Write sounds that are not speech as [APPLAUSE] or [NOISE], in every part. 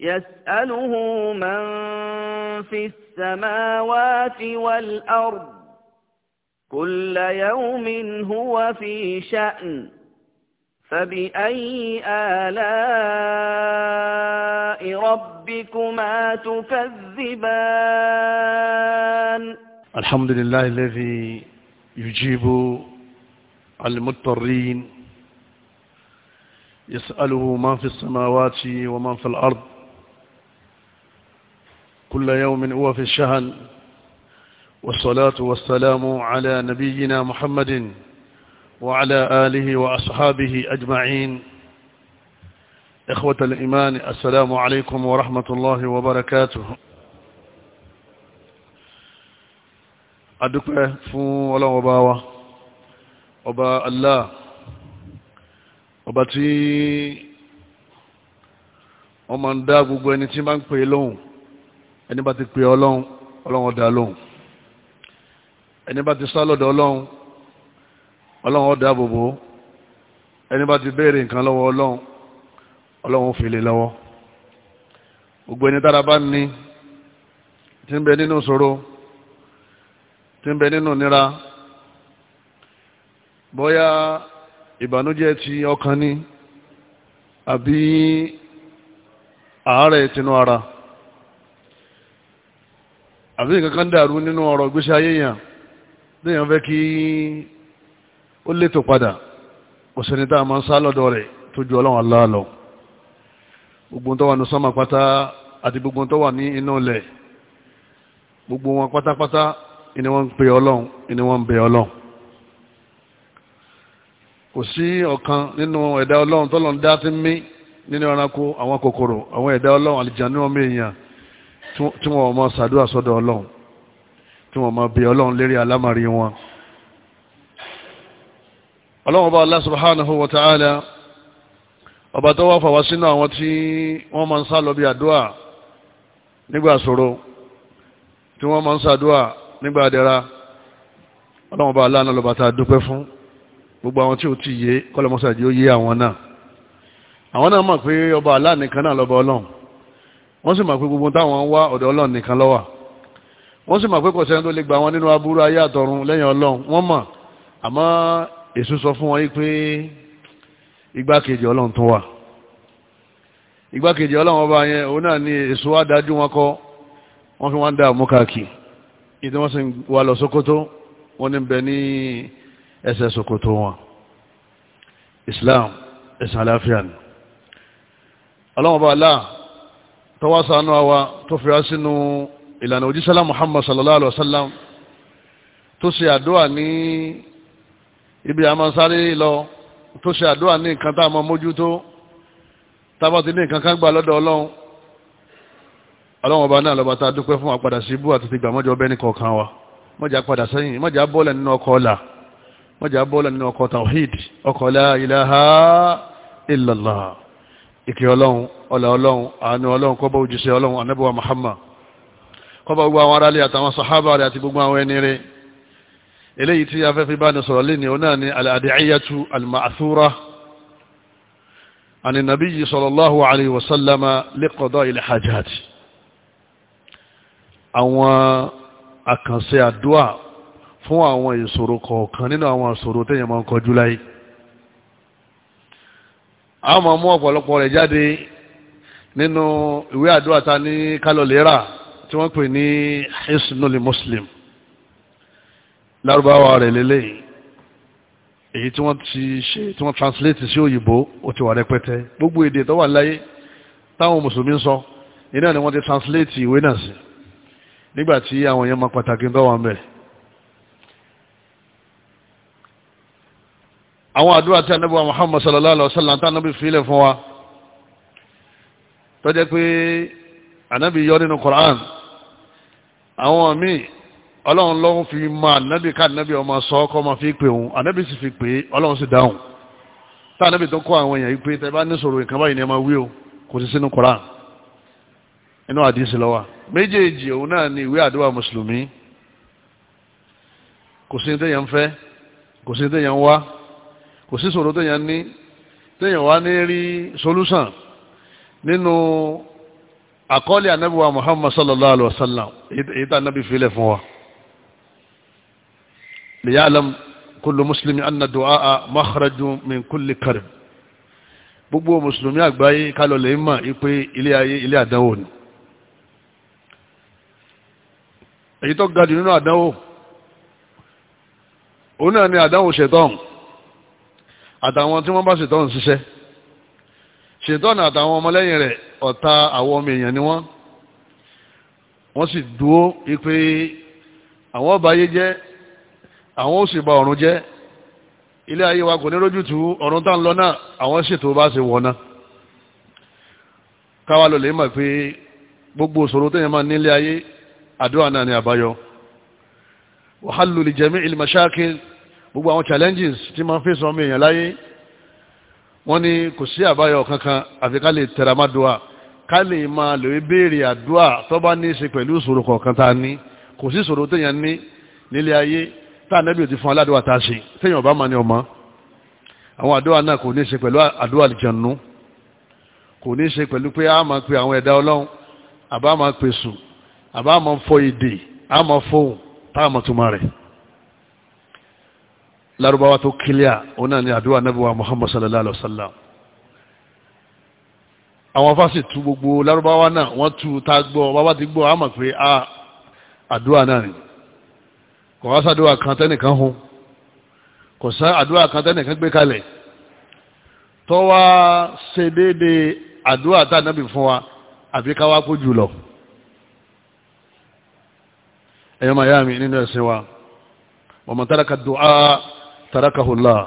يسأله من في السماوات والأرض كل يوم هو في شأن فبأي آلاء ربكما تكذبان الحمد لله الذي يجيب المضطرين يسأله من في السماوات ومن في الأرض كل يوم هو في الشهن والصلاة والسلام على نبينا محمد وعلى آله وأصحابه أجمعين إخوة الإيمان السلام عليكم ورحمة الله وبركاته adúpẹ́ fún ọlọ́run ọba wa ọba Allah ọba tí wọ́n máa ń dá ẹni bá ti pè ọlọ́run ọlọ́run ọ̀dà lóhùn ẹni bá ti sá lọ́dọ̀ ọlọ́run ọlọ́run ọ̀dà bòbò ẹni bá ti béèrè nǹkan lọ́wọ́ ọlọ́run ọlọ́run fi lè lọ́wọ́ gbogbo ẹni tára bá ní tí ń bẹ nínú ṣòro tí ń bẹ nínú nira bóyá ìbànújẹ́ ti ọkàn ni àbí àárẹ̀ tinú ara àbí nǹkan kan dàrú nínú ọ̀rọ̀ gbéṣẹ́ ayé yàn léèyàn fẹ́ kí ó létò padà kò sẹ́ni tá a máa ń sá lọ́dọ̀ rẹ̀ tó ju ọlọ́run Allah lọ gbogbo tó wà ní sánmà pátá àti gbogbo tó wà ní inú ilẹ̀ gbogbo wọn pátápátá ìní wọn ń pè ọlọ́run ìní wọn ń ọlọ́run tí wọ́n máa ṣàdúrà sọ́dọ̀ ọlọ́run tí wọ́n máa bẹ ọlọ́run lérí alámàrí wọn ọlọ́run bá Allah subhanahu wa ta'ala ọba tó wá fàwá sínú àwọn tí wọ́n máa ń sá lọ bí àdúà nígbà ṣòro tí wọ́n máa ń sàdúà nígbà àdẹ́ra ọlọ́run bá aláàánú lọ́ba tá a dúpẹ́ fún gbogbo àwọn tí ò tí yé kọ́lọ́mọ́sàdì ó yé àwọn náà àwọn náà mọ̀ pé ọba aláàánú wọ́n sì mọ̀ pé gbogbo táwọn ń wá ọ̀dọ̀ ọlọ́run nìkan ló wà wọ́n sì mọ̀ pé kò sẹ́ni tó lè gba wọn nínú aburú ayé àtọ̀run lẹ́yìn ọlọ́run wọ́n mọ̀ àmọ́ èṣù sọ fún wọn pé igbákejì ọlọ́run tó wà igbákejì ọlọ́run ọba yẹn òun náà ni èṣù wá dájú wọn kọ́ wọ́n fi wọ́n dá àmú káàkiri ìdí wọ́n sì wà lọ Sókótó wọ́n ní bẹ ní ẹsẹ̀ Sókótó wọn Islam ẹ̀sìn aláfíà ni ọlọ́run ọba aláà tọ́wọ́ sànú àwa tó fira sínú ìlànà òjísọ́lá muhammad sallallahu alaihi wasallam tó ṣe àdúrà ní ibi àmọ́sáré lọ tó ṣe àdúrà ní nǹkan tá a mọ mójútó tábà ti ní nǹkan kan gbà lọ́dọ̀ ọlọ́run ọlọ́run ọba náà lọ́ba tá a dúpẹ́ fún àpadà sí ibú àti ti gbà mọ́jọ bẹ́ẹ̀ kọ̀ọ̀kan wa mọ́jà padà sẹ́yìn mọ́jà bọ́ọ̀lẹ̀ nínú ọkọ̀ ọ̀la mọ́jà bọ́ọ̀lẹ̀ nínú ọkọ̀ tawhid ọkọ̀ la ilaha illallah ìkẹ́ ọlọ́run ọlá ọlọ́run àánú ọlọ́run kó bá òjíṣẹ́ ọlọ́run anábíwá Muhammad kó bá gbogbo àwọn aráàlú àtàwọn sàhábà rẹ̀ àti gbogbo àwọn ẹni rẹ̀ eléyìí tí a fẹ́ fi bá ní sọ̀rọ̀ lé ní ọ náà ni al-ad'iyatu al-ma'thura عن النبي صلى الله عليه وسلم لقضاء الحاجات àwọn àkànṣe àdúà fún àwọn ìṣòro kọ̀ọ̀kan nínú àwọn àwọn máa mú ọ̀pọ̀lọpọ̀ rẹ̀ jáde nínú ìwé àdúrà ta ní kálọ̀lẹ́rà tí wọ́n pè ní hisnul muslim lárúbáwá rẹ̀ lélẹ́yìn èyí tí wọ́n ti ṣe tí wọ́n translate sí òyìnbó ó ti wà rẹpẹtẹ gbogbo èdè tó wà láyé táwọn mùsùlùmí ń sọ iná ni wọ́n ti translate ìwé náà sí nígbà tí àwọn èèyàn máa pàtàkì ń bá wà bẹ̀rẹ̀ àwọn àdúrà tí anábíwá Muhammad sallallahu alaihi wasallam tí anábí fílẹ̀ fún wa tó jẹ́ pé anábí yọ nínú Quran àwọn míì ọlọ́run lọ́wọ́ fi ma anábí ká anábí ọmọ sọ ọkọ ma fi pè òun anábí sì fi pè é ọlọ́run sì dáhùn tá anábí tó kọ́ àwọn èèyàn yìí pé tẹ́ bá ní sọ̀rọ̀ nǹkan báyìí ni ẹ máa wí o kò sí sínú Quran inú àdìsí lọ́wọ́ méjèèjì òun náà ni ìwé àdúrà mùsùlùmí kò sí ní tẹ́yàn fẹ́ kò sí ní tẹ́yàn wá kò sí ṣòro téèyàn ní téèyàn wá ní rí solúsàn nínú àkọọ́lẹ̀ anábíwá muhammad sallallahu alaihi wa sallam èyí tá anábí filẹ̀ fún wa liyalam kullu muslimi anna du'a makhraju min kulli karib gbogbo mùsùlùmí àgbáyé kálọ̀ lè mọ̀ ipé ilé ayé ilé àdánwò ni èyí tó ga jù nínú àdánwò òun náà ni àdánwò ṣẹ̀tọ́n àtàwọn tí wọ́n bá ṣètọ́n ṣiṣẹ́ ṣètọ́n àtàwọn ọmọlẹ́yìn rẹ̀ ọ̀tá àwọn ọmọ èèyàn ni wọ́n wọ́n sì dúó ipe àwọn ọba ayé jẹ́ àwọn ó sì ba ọ̀run jẹ́ ilé ayé wa kò ní rójútu ọ̀run tá ń lọ náà àwọn ṣètò bá ṣe wọ̀nà káwa lò lè mọ̀ pé gbogbo òṣòro téèyàn máa nílé ayé àdúrà náà ni àbáyọ wàhálù lè jẹ́mí ìlmọ̀ṣáàkiri gbogbo àwọn challenges tí máa ń fèsì ọmọ èèyàn láyé wọ́n ní kò sí àbáyọ kankan àfi ká lè tẹ̀ra má dùà ká lè máa lè béèrè àdúà tó bá ní í ṣe pẹ̀lú ìṣòro kọ̀ọ̀kan tá a ní kò sí ìṣòro téèyàn ní nílé ayé tá a nẹ́bí ò ti fún aládùà tá a ṣe téèyàn ọba máa ní ọmọ àwọn àdúà náà kò ní í ṣe pẹ̀lú àdúà àlìjànú kò ní í ṣe pẹ̀lú pé a máa pe àwọn ẹ̀dá ọlọ́run àbá máa pèsè àbá máa fọ èdè a máa fọ ohun tá a máa túmọ̀ rẹ̀ larubawa tó kílíà òun náà ni àdúrà nàbíwá muhammad sallallahu alaihi wa sallam àwọn fásitì tu gbogbo larubawa náà wọ́n tu ta gbọ́ bàbá ti gbọ́ àmọ̀ pé a àdúrà náà ni kò wá sàdúrà kan tẹ́nìkan hun kò sá àdúrà kan tẹ́nìkan gbé kalẹ̀ tó wá ṣe déédéé àdúrà tá nàbì fún wa àbí ká wá kó jù lọ ẹ̀yọ́ màyá mi nínú ẹ̀sìn wa wa man taraka du'a tarakahullah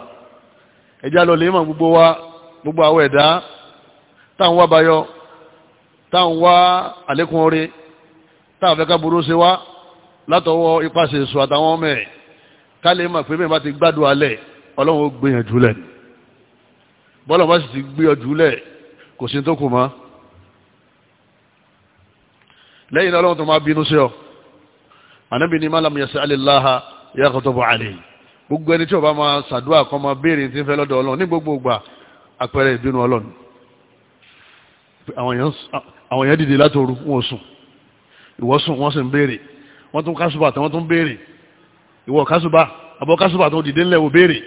ẹjá lọ lè mọ̀ gbogbo wa gbogbo àwọn ẹ̀dá táwọn wá bayọ táwọn wá àlékún orí táwọn fẹ́ ká burú sí wá látọwọ́ ipasẹ̀ èso àtàwọn ọmọ ẹ̀ ká lè mọ̀ pé bẹ́ẹ̀ bá ti gbádùn alẹ̀ ọlọ́run ó gbìyànjú lẹ̀ bọ́lá bá sì ti gbìyànjú lẹ̀ kò sí tó kù mọ́ lẹ́yìn ọlọ́run tó máa bínú sí ọ ànábì ní má lam yas'alillaha yaghdabu alayhi gbogbo ẹni tí ó bá máa ṣàdúrà kó máa béèrè tí ń fẹ́ lọ́dọ̀ ọlọ́run ní gbogbo ìgbà àpẹẹrẹ ìbínú ọlọ́run àwọn èèyàn dìde látòru wọn ò sùn ìwọ sùn wọ́n sì ń béèrè wọ́n tún kásùbà tí wọ́n tún béèrè ìwọ kásùbà àbọ̀ kásùbà tó dìde ńlẹ̀ wò béèrè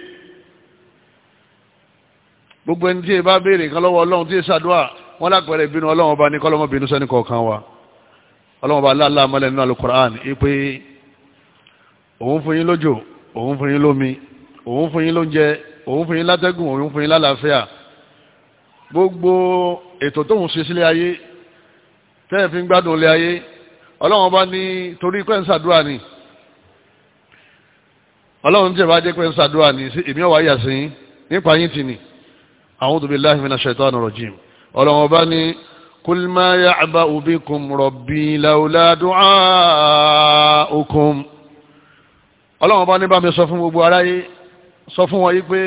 gbogbo ẹni tí ẹ bá béèrè nǹkan lọ́wọ́ ọlọ́run tí ẹ ṣàdúrà wọ́n lápẹẹrẹ ìbínú ọlọ́run ọba ní kọ́lọ́mọ òun fún yín lómi òun fún yín lóúnjẹ òun fún yín látẹ́gùn òun fún yín lálàáfíà gbogbo ètò tóun ṣe sílé ayé tẹ́ẹ̀ fi ń gbádùn ilé ayé ọlọ́run bá ní torí pẹ́ ń ṣàdúrà ni ọlọ́run tí ẹ̀ bá jẹ́ pẹ́ ń ṣàdúrà ni èmi ọ̀wá yà nípa yín tì ní a'udhu billahi minash shaitani rajim ọlọ́run bá ní kul ma ya'ba'u bikum rabbi lawla du'a'ukum ọlọ́run bá ní bá mi sọ fún gbogbo aráyé sọ fún wọn yí pé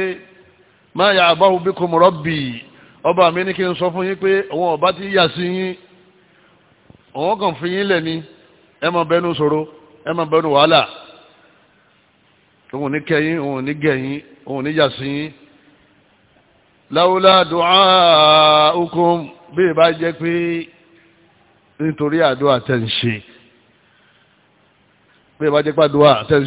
má yà bá òbí kò mọ̀rọ̀ bì ọba mi ní kí n sọ fún yín pé òun ọba ti yà sí yín òun kàn fi yín lẹ̀ ni ẹ má bẹnu sọ̀rọ̀ ẹ má bẹnu wàhálà òun ní kẹyìn òun ní gẹ̀yìn òun ní yà sí yín láwùlá dùn áà okùn bí jẹ́ pé nítorí àdúrà tẹ̀ ń ṣe jẹ́ pàdúrà tẹ̀ ń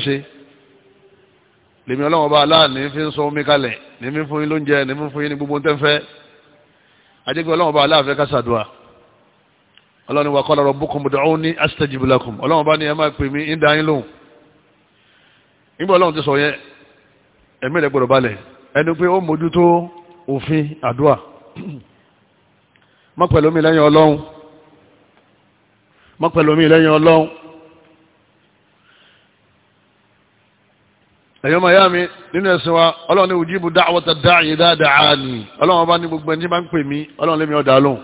lèmi ọlọ́wọ́n bá aláàní fi ń sọ omi kalẹ̀ lèmi fún yín lóúnjẹ lèmi fún yín ní gbogbo tẹ́fẹ́ adégbé ọlọ́wọ́n bá aláàfẹ́ kásàdùà ọlọ́ni wà qala rabbukum ud'uni astajib lakum ọlọ́wọ́n bá ní ẹ máa pè mí ń dá yín lóhùn nígbà ọlọ́wọ́n ti sọ yẹn ẹ̀mí rẹ̀ gbọ́dọ̀ balẹ̀ ẹni pé ó mójútó òfin àdúà mọ́ pẹ̀lú mi lẹ́yìn ọlọ́run mọ́ pẹ̀lú mi lẹ́yìn ọlọ́run ẹ̀yọ́ máa yá mi nínú ẹ̀sìn wa ọlọ́run ní ujibu da'wata da'i idha da'ani ọlọ́run bá ní gbogbo ẹni bá ń pè mí ọlọ́run lé mi ọ̀dà lóhùn.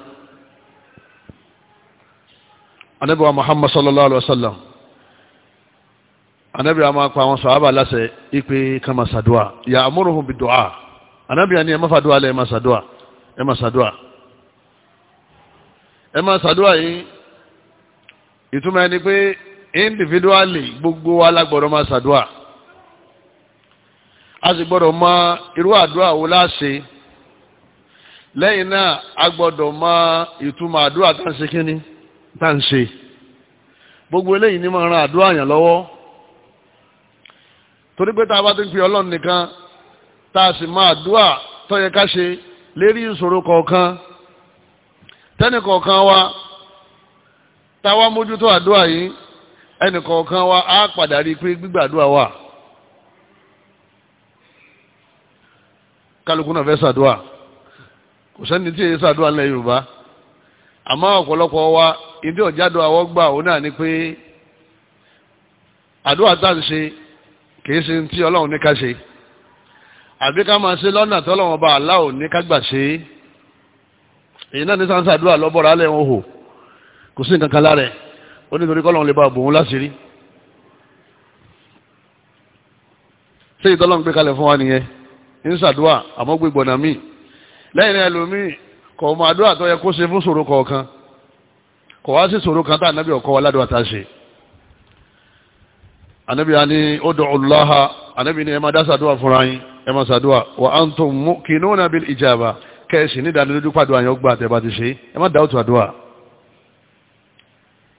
anabi wa muhammad sallallahu alaihi wa sallam anabi wa máa pa àwọn sàhábà láṣẹ ipe kan máa ṣàdúà ya'muruhum bid-du'a anabi wa ni ẹ má fàdúà lẹ ẹ má ṣàdúà ẹ má ṣàdúà yìí ìtumọ̀ ẹni pé individually gbogbo wa la gbọ́dọ̀ máa a sì gbọ́dọ̀ mọ irú àdúrà wo láṣe lẹ́yìn náà a gbọ́dọ̀ mọ ìtumọ̀ àdúrà tá à ń ṣe kínní tá à ń ṣe gbogbo eléyìí ni máa ran àdúrà yàn lọ́wọ́ torí pé tá a bá ti ń pe ọlọ́run nìkan tá a sì mọ àdúrà tó yẹ ká ṣe lérí ìṣòro kọ̀ọ̀kan tẹ́nì kọ̀ọ̀kan wa táwa mójútó àdúrà yìí ẹnì kọ̀ọ̀kan wa á padà rí i pé gbígbàdúrà wà. kálukú náà fẹ́ ṣàdúà kò sẹ́ni tí èyí ṣàdúà ńlẹ̀ yorùbá àmọ́ ọ̀pọ̀lọpọ̀ wa ìdí ọ̀jádọ́ àwọ̀ gbà òun náà ni pé àdúrà tá à ń ṣe kìí ṣe tí ọlọ́run ní ká ṣe àbí ká máa ṣe lọ́nà tọ́lọ́run ọba aláwo ní ká gbà ṣe èyí náà ní sáńsà àdúrà lọ́bọ̀rọ̀ alẹ́ wọn hò kò sí nǹkan kan lára ẹ̀ ó ní torí kọ́lọ́run lè bá bò wọn láṣìírí ṣé ìtọ́lọ́run gbé kalẹ̀ fún wa nìyẹn ń ṣàdúà àmọ́ gbé gbọ̀nà míì lẹ́yìn náà ẹlòmíì kò mọ àdúà tó yẹ kó ṣe fún ṣòro kọ̀ọ̀kan kò wá sí ṣòro kan tá ànábì ọkọ wa ládùúgbò àtàṣe ànábì á ní ud'u Allaha ànábì ní ẹ máa dá ṣàdúà fúnra yín ẹ máa ṣàdúà wa antum muqinuna bil ijaba kẹ́ẹ̀sì ní ìdánilójú pàdé àyàn gbà àtẹ̀bà ti ṣe ẹ má dá òtù àdúà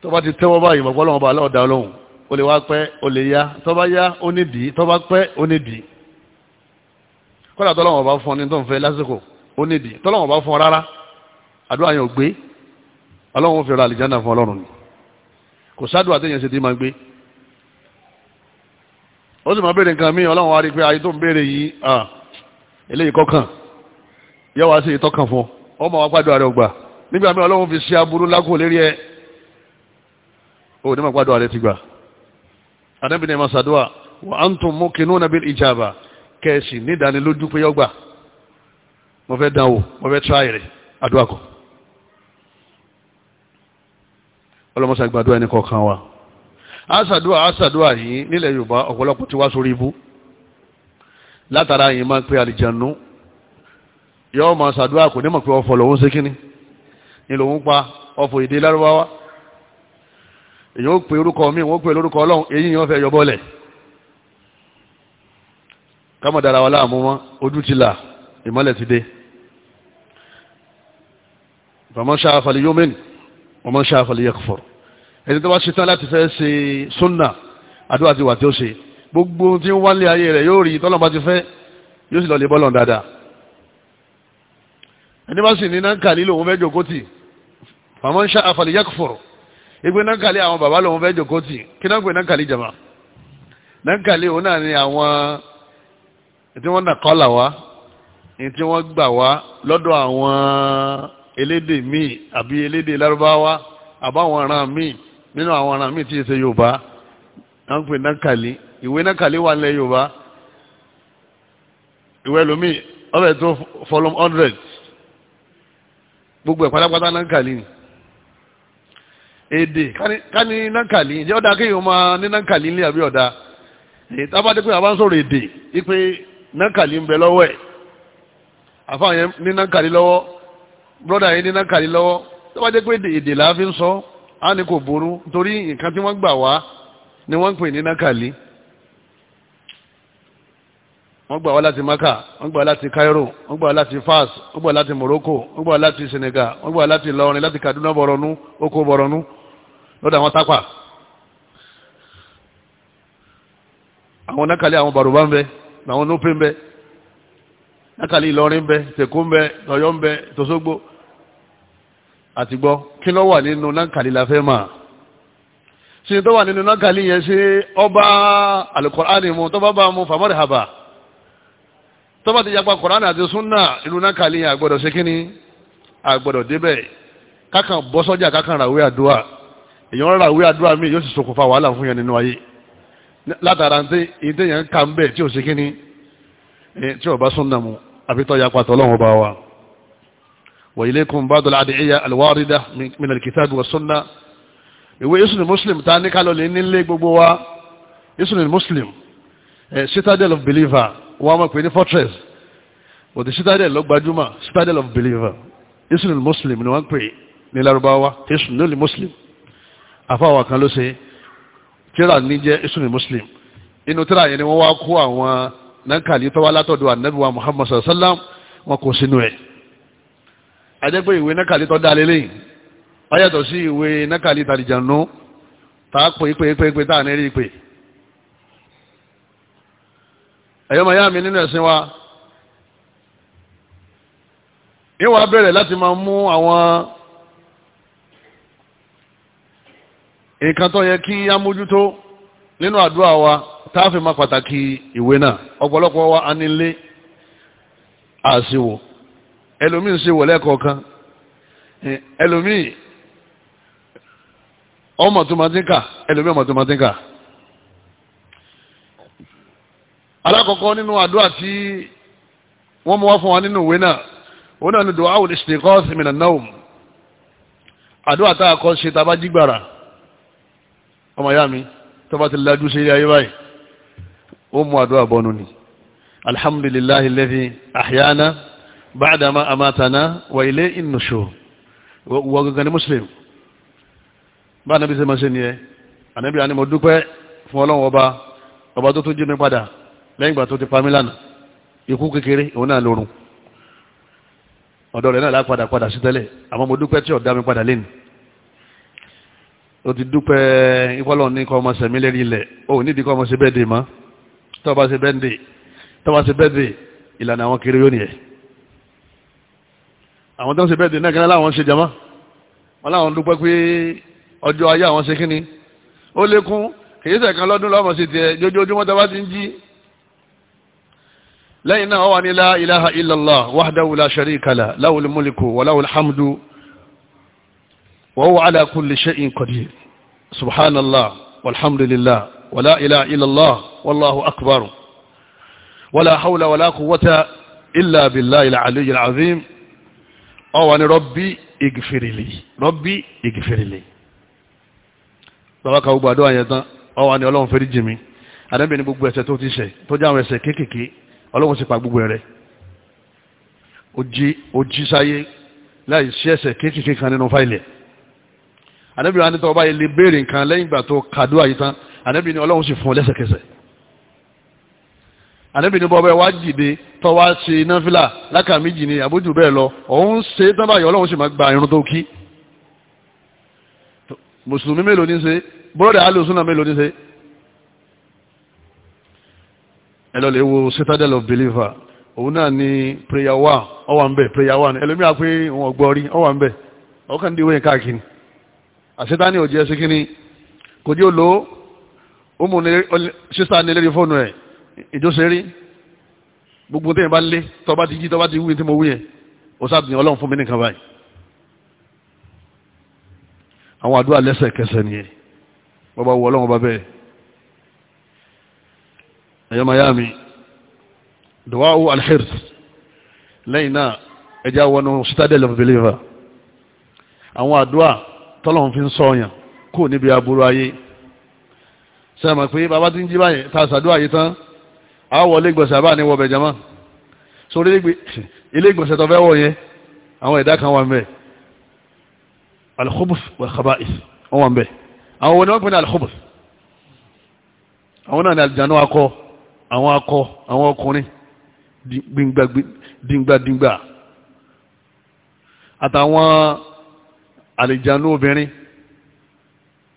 tó bá ti tẹ́wọ́ báyìí mọ̀pọ̀ lọ́wọ́ bá aláwọ̀ dá ọlọ́run kọ́lá tọ́lọ́wọ̀n bá fún ọ ní tó ń fẹ́ lásìkò ó nídìí tọ́lọ́wọ̀n bá fún ọ rárá àdúrà yẹn ò gbé ọlọ́run fi ra àlìjáná fún ọlọ́run ni kò sádùn àtẹ̀yẹnsẹ̀ tí máa gbé ó sì máa béèrè nǹkan míì ọlọ́run wá rí pé ayé tó ń béèrè yìí eléyìí kọ́kàn yẹ wá sí ìtọ́kàn fún ọ máa wá gbádùn àrẹ ọgbà nígbà míì ọlọ́run fi ṣe aburú lákò lérí ẹ ò ní máa gbádùn àrẹ ti gbà kẹ̀sì nídánilójú pé yọ́gbà mo fẹ́ dánwò mo fẹ́ tíráì rẹ̀ àdúrà kọ̀ ọlọ́mọsá gbàdúrà ẹni kọ̀ọ̀kan wa àṣàdúrà àṣàdúrà yìí nílẹ̀ yorùbá ọ̀pọ̀lọpọ̀ ti wá sórí ibú látara yìí máa ń pe àlìjànú yọ́ọ́ máa ṣàdúrà kò ní mọ̀ pé ọ̀fọ̀ lòun ṣe kíni ni lòun pa ọ̀fọ̀ èdè lárúbáwá èyí ó pe orúkọ mi wọ́n pe lórúkọ ọlọ́run èyí ni wọ́n fẹ́ yọbọ́lẹ̀ Kama darawala amuma láàmú wọn ojú ti là ìmọ́lẹ̀ ti dé faman sha'a falyu'min wa man sha'a falyakfur ẹni tó bá ṣetán láti fẹ́ ṣe súnà àdúrà ti wà tí ó ṣe gbogbo tí ń wá lé ayé rẹ̀ yóò rí tọ́lọ́mọ ti fẹ́ yóò sì lọ lè bọ́lọ̀ dáadáa ẹni bá sì ní náǹkà lílo òun fẹ́ jòkó tì faman sha'a falyakfur ìgbé náǹkà lé àwọn bàbá lòun fẹ́ jòkó tì kí náà gbé náǹkà lé jàmá náǹkà lé òun náà ni àwọn tí wọ́n nàkọ́là wá tí wọ́n gbà wá lọ́dọ̀ àwọn elédè míì àbí elédè lárúbáwá àbáwọn aràn míì nínú àwọn aràn míì tí ṣe yorùbá à ń pè nákàlí ìwé nákàlí wà nílẹ̀ yorùbá ìwé lomi ọbẹ̀ tó fọlọ́m hundred gbogbo ẹ̀ pátápátá nákàlí ni èdè ká ní nákàlí ǹjẹ́ ọ̀dà kéèyàn máa ní nákàlí nílẹ̀ àbí ọ̀dà tábàdé pé àbá ń sọ̀rọ̀ èdè wípé nákàlí ń bẹ lọ́wọ́ ẹ̀ àfáà yẹn ní nákàlí lọ́wọ́ broda yẹn ní nákàlí lọ́wọ́ tó bá jẹ́ pé èdè fi ń sọ á ní kò torí nǹkan tí wọ́n gbà wá ni wọ́n ń pè ní wọ́n gbà wá láti maka wọ́n gbà wá láti cairo wọ́n gbà wá láti fas wọ́n gbà wá láti morocco gbà wá láti senegal gbà wá láti lọrin oko àwọn tápà àwọn àwọn ń bẹ làwọn nópin mbɛ n'akali ìlọrin bẹ tẹkún bẹ tọyọ bẹ tọsọgbó àti gbọ́ kí ló wà nínú nákàlí la fẹ́ mà ṣe tó wà nínú nákàlí ọba alukur'ani mu tọ́ba bá mu famari haba tọ́ba ti yapa kur'ani àti sunna inú nákàlí yẹn àgbọ̀dọ̀ ṣe kíni àgbọ̀dọ̀ rawe yóò wàhálà fún yẹn ayé látara ìdí yẹn ká ń bẹ̀ tí ò sí kíní tí ò bá súnnà mu àbí tó yapa t'Ọlọ́run bá wa wa ilaykum ba'd al-ad'iya al-warida min al-kitab wa sunna muslim ta ní kálọ̀ lè nílé gbogbo wa isnul muslim citadel of believer wọ́n máa pè ní fortress but the citadel ló gbajúmọ̀ citadel of believer isnul muslim ni wọ́n pè ní Lárúbáwá isnul muslim afáwà kan ló ṣe tíra ní jẹ́ isuni muslim inú tíra yẹn ni wọ́n wá kó àwọn nankali tó wá látọ̀dọ̀ anabiwa muhammad sallam wọn kò sínú ẹ̀ adẹ́pẹ́ ìwé nankali tó dá lélẹ́yìn ọyàtọ̀ sí ìwé nankali tàdìjànú tá a pè é pé pé pé tá a ní rí pé ẹ̀yọ́ mọ̀ mi nínú ẹ̀sìn wa ìwà bẹ̀rẹ̀ láti máa mú àwọn nǹkan tó yẹ kí á mójútó nínú àdúrà wa tá a fi máa pàtàkì ìwé náà ọ̀pọ̀lọpọ̀ wa a nílé àṣìwò ẹlòmíì ṣe wọ̀ lẹ́ẹ̀kọ̀ọ̀kan ẹlòmíì ọmọ tó máa ti ń kà ẹlòmíì ọmọ tó máa ti ń kà. alákọ̀ọ́kọ́ nínú àdúrà tí wọ́n mú wá fún wa nínú ìwé náà wọ́n náà ní du'a al-istiqath min an-nawm àdúrà tá kọ́ ṣe tá a ọmọ ìyá mi tó bá ti lájú sí ilé ayé báyìí ó mú àdúrà bọ́nu ni alhamdulillahi alladhi ahyana ba'da ma amatana wa ilayhi an-nushur wọ gangan ní muslim bá anábì ṣe máa ṣe ni ẹ anábì àni mo dúpẹ́ fún ọlọ́run ọba ọba tó tún jí mi padà lẹ́yìn ìgbà tó ti pa mí ikú kékeré òun náà lórun ọ̀dọ̀ rẹ̀ náà lápadà padà sí tẹ́lẹ̀ àmọ́ mo dúpẹ́ tí ó mi padà lénìí o ti dúpẹ́ ìfọ́lọ̀ ní kọ́ ọmọ sẹ̀mí lérí ilẹ̀ o nídìí kọ́ ọmọ sí bẹ́ẹ̀dì mọ́ tọ́ba sí bẹ́ẹ̀dì tọ́ba sí bẹ́ẹ̀dì ìlànà àwọn kiri yóò nìyẹn àwọn tó ń ṣe bẹ́ẹ̀dì náà kí láwọn ṣe jama wọn láwọn dúpẹ́ pé ọjọ́ ayé àwọn ṣe kíni ó lékún kìí sẹ̀kan lọ́dún lọ́mọ sí tiẹ̀ jójoojúmọ́ tọ́ba ti ń jí lẹ́yìn náà wọ́n wà ní la ilaha illallah wahdahu la sharika lah lahul mulku wa lahul hamdu wa على كل شيء shay'in سبحان الله والحمد لله ولا إله إلا الله والله أكبر ولا حول ولا قوة إلا بالله العلي العظيم أواني ربي اغفر لي ربي اغفر لي. àdó àyẹ̀tán ọwà ni ọlọ́run fẹ́rí jì mí àdẹ́bẹ̀ ni gbogbo ẹ̀ṣẹ̀ tó ti ṣẹ̀ tó jẹ́ àwọn ẹ̀ṣẹ̀ kéékèèké ọlọ́run sì pa gbogbo rẹ̀ ó jí sáyé láì sí ẹ̀ṣẹ̀ kéékèèké kan nínú fáìlì ẹ̀ ànábì wa ní tọ́ ọba yìí lè béèrè nǹkan lẹ́yìn ìgbà tó kàdúrà yìí tán ànábì ní ọlọ́run sì fún ọ lẹ́sẹ̀kẹsẹ̀ ànábì ní bọ́ọ̀bẹ wá jìde tọ́ wá ṣe náfìlà láka méjì ni àbójú bẹ́ẹ̀ lọ òun ṣe tán báyìí ọlọ́run sì máa gba irun tó kí mùsùlùmí mélòó ní ṣe bọ́ọ̀dà alùsùnà mélòó ní ṣe ẹ lọ lè wo citadel of believer òun náà ni prayer one ọwà ń prayer one ẹlòmíà pé òun ọgbọ́rí ọwà ń bẹ̀ ọkàn díwẹ̀ káàkiri àṣetá ní òjì ẹsẹ kínní kò jí ó lò ó mú sísá ní lérí fóònù ẹ̀ ìjọsẹ̀rí gbogbo tẹ́yìn bá lé tọ́ba ti jí tọ́ba ti wí tí mo wí ẹ̀ ó sábìyàn ọlọ́run fún mi nìkan báyìí àwọn àdúrà lẹ́sẹ̀kẹsẹ̀ nìyẹn bọ́ba wọ ọlọ́run bá bẹ́ẹ̀ ẹ̀yọ́ miami dùwáwó alhirs lẹ́yìn náà ẹja wọnú citadel of believer àwọn àdúrà tọ́lọ́run fi ń sọ̀yàn kò níbi aburú ayé sẹ́mọ̀ pé bàbá ti ń jí báyìí ta ṣàdúrà yìí tán a wọlé gbọ̀nsẹ̀ àbá ní wọbẹ̀ jama sórí ilé gbọ̀nsẹ̀ tó fẹ́ wọ̀ yẹn àwọn ẹ̀dá kan wà mẹ́ alkhubus wa khaba'is wọ́n wà mẹ́ àwọn wọn ni wọ́n pè ní alkhubus àwọn náà ni àlùjànnú akọ àwọn akọ àwọn ọkùnrin dìngbàdìngbà àtàwọn àlìjánu obìnrin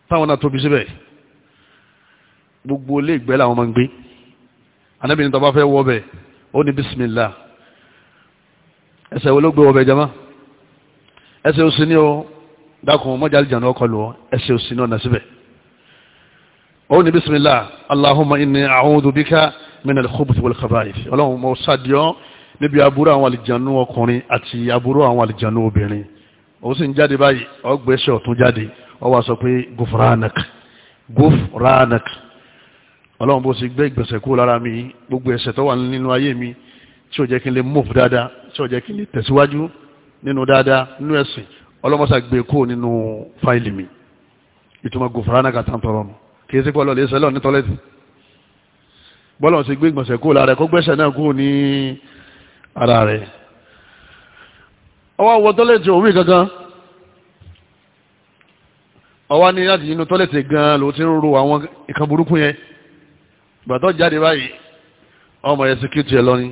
táwọn náà tóbi síbẹ̀ gbogbo ilé ìgbẹ́ làwọn máa ń gbé anábìnrin tó bá fẹ́ wọ ọbẹ̀ ó ní bisimilá ẹsẹ̀ wo ló gbé ọbẹ̀ jama ẹsẹ̀ òsì ni ó dákun mọ́jà àlìjánu ọkọ lù ọ ẹsẹ̀ òsì ni ọ̀nà síbẹ̀ ó ní bisimilá allahumma inni a'udhu bika min al-khubuthi wal-khaba'ith ọlọ́run mo sàdíọ́ níbi aburú àwọn àlìjánu ọkùnrin àti aburú àwọn àlìjánu obìnrin òun sì ń jáde báyìí ọgbẹ́sẹ̀ ọ̀tún jáde ọ sọ pé gufranak gufranak ọlọ́run bó ti gbé ìgbẹ̀sẹ̀ kúrò lára mi gbogbo ẹ̀ṣẹ̀ tó wà nínú ayé mi tí ò jẹ́ kí n lè move dáadáa tí ò jẹ́ kí n lè tẹ̀síwájú nínú dáadáa nínú ẹ̀sìn ọlọ́mọ́sà gbé e kúrò nínú fáìlì mi ìtumọ̀ gufranaka tán tọrọ mu kì í sí pọ́ lọ́lẹ̀ ìṣẹ́lẹ̀ ní tọ́lẹ́tì bọ́lọ̀ ti gbé ìgbọ̀nsẹ̀ kúrò lára rẹ̀ kó gbẹ́sẹ̀ náà kúrò ní ara rẹ̀ ọwọ́ wọ tọ́lẹ̀tì òwú gangan ọwọ́ ní láti inú tọ́lẹ̀tì gan ló ti ń ro àwọn nǹkan burúkú yẹn gbàtọ́ jáde báyìí ọmọ yẹn síkírìtì ẹ lọ ni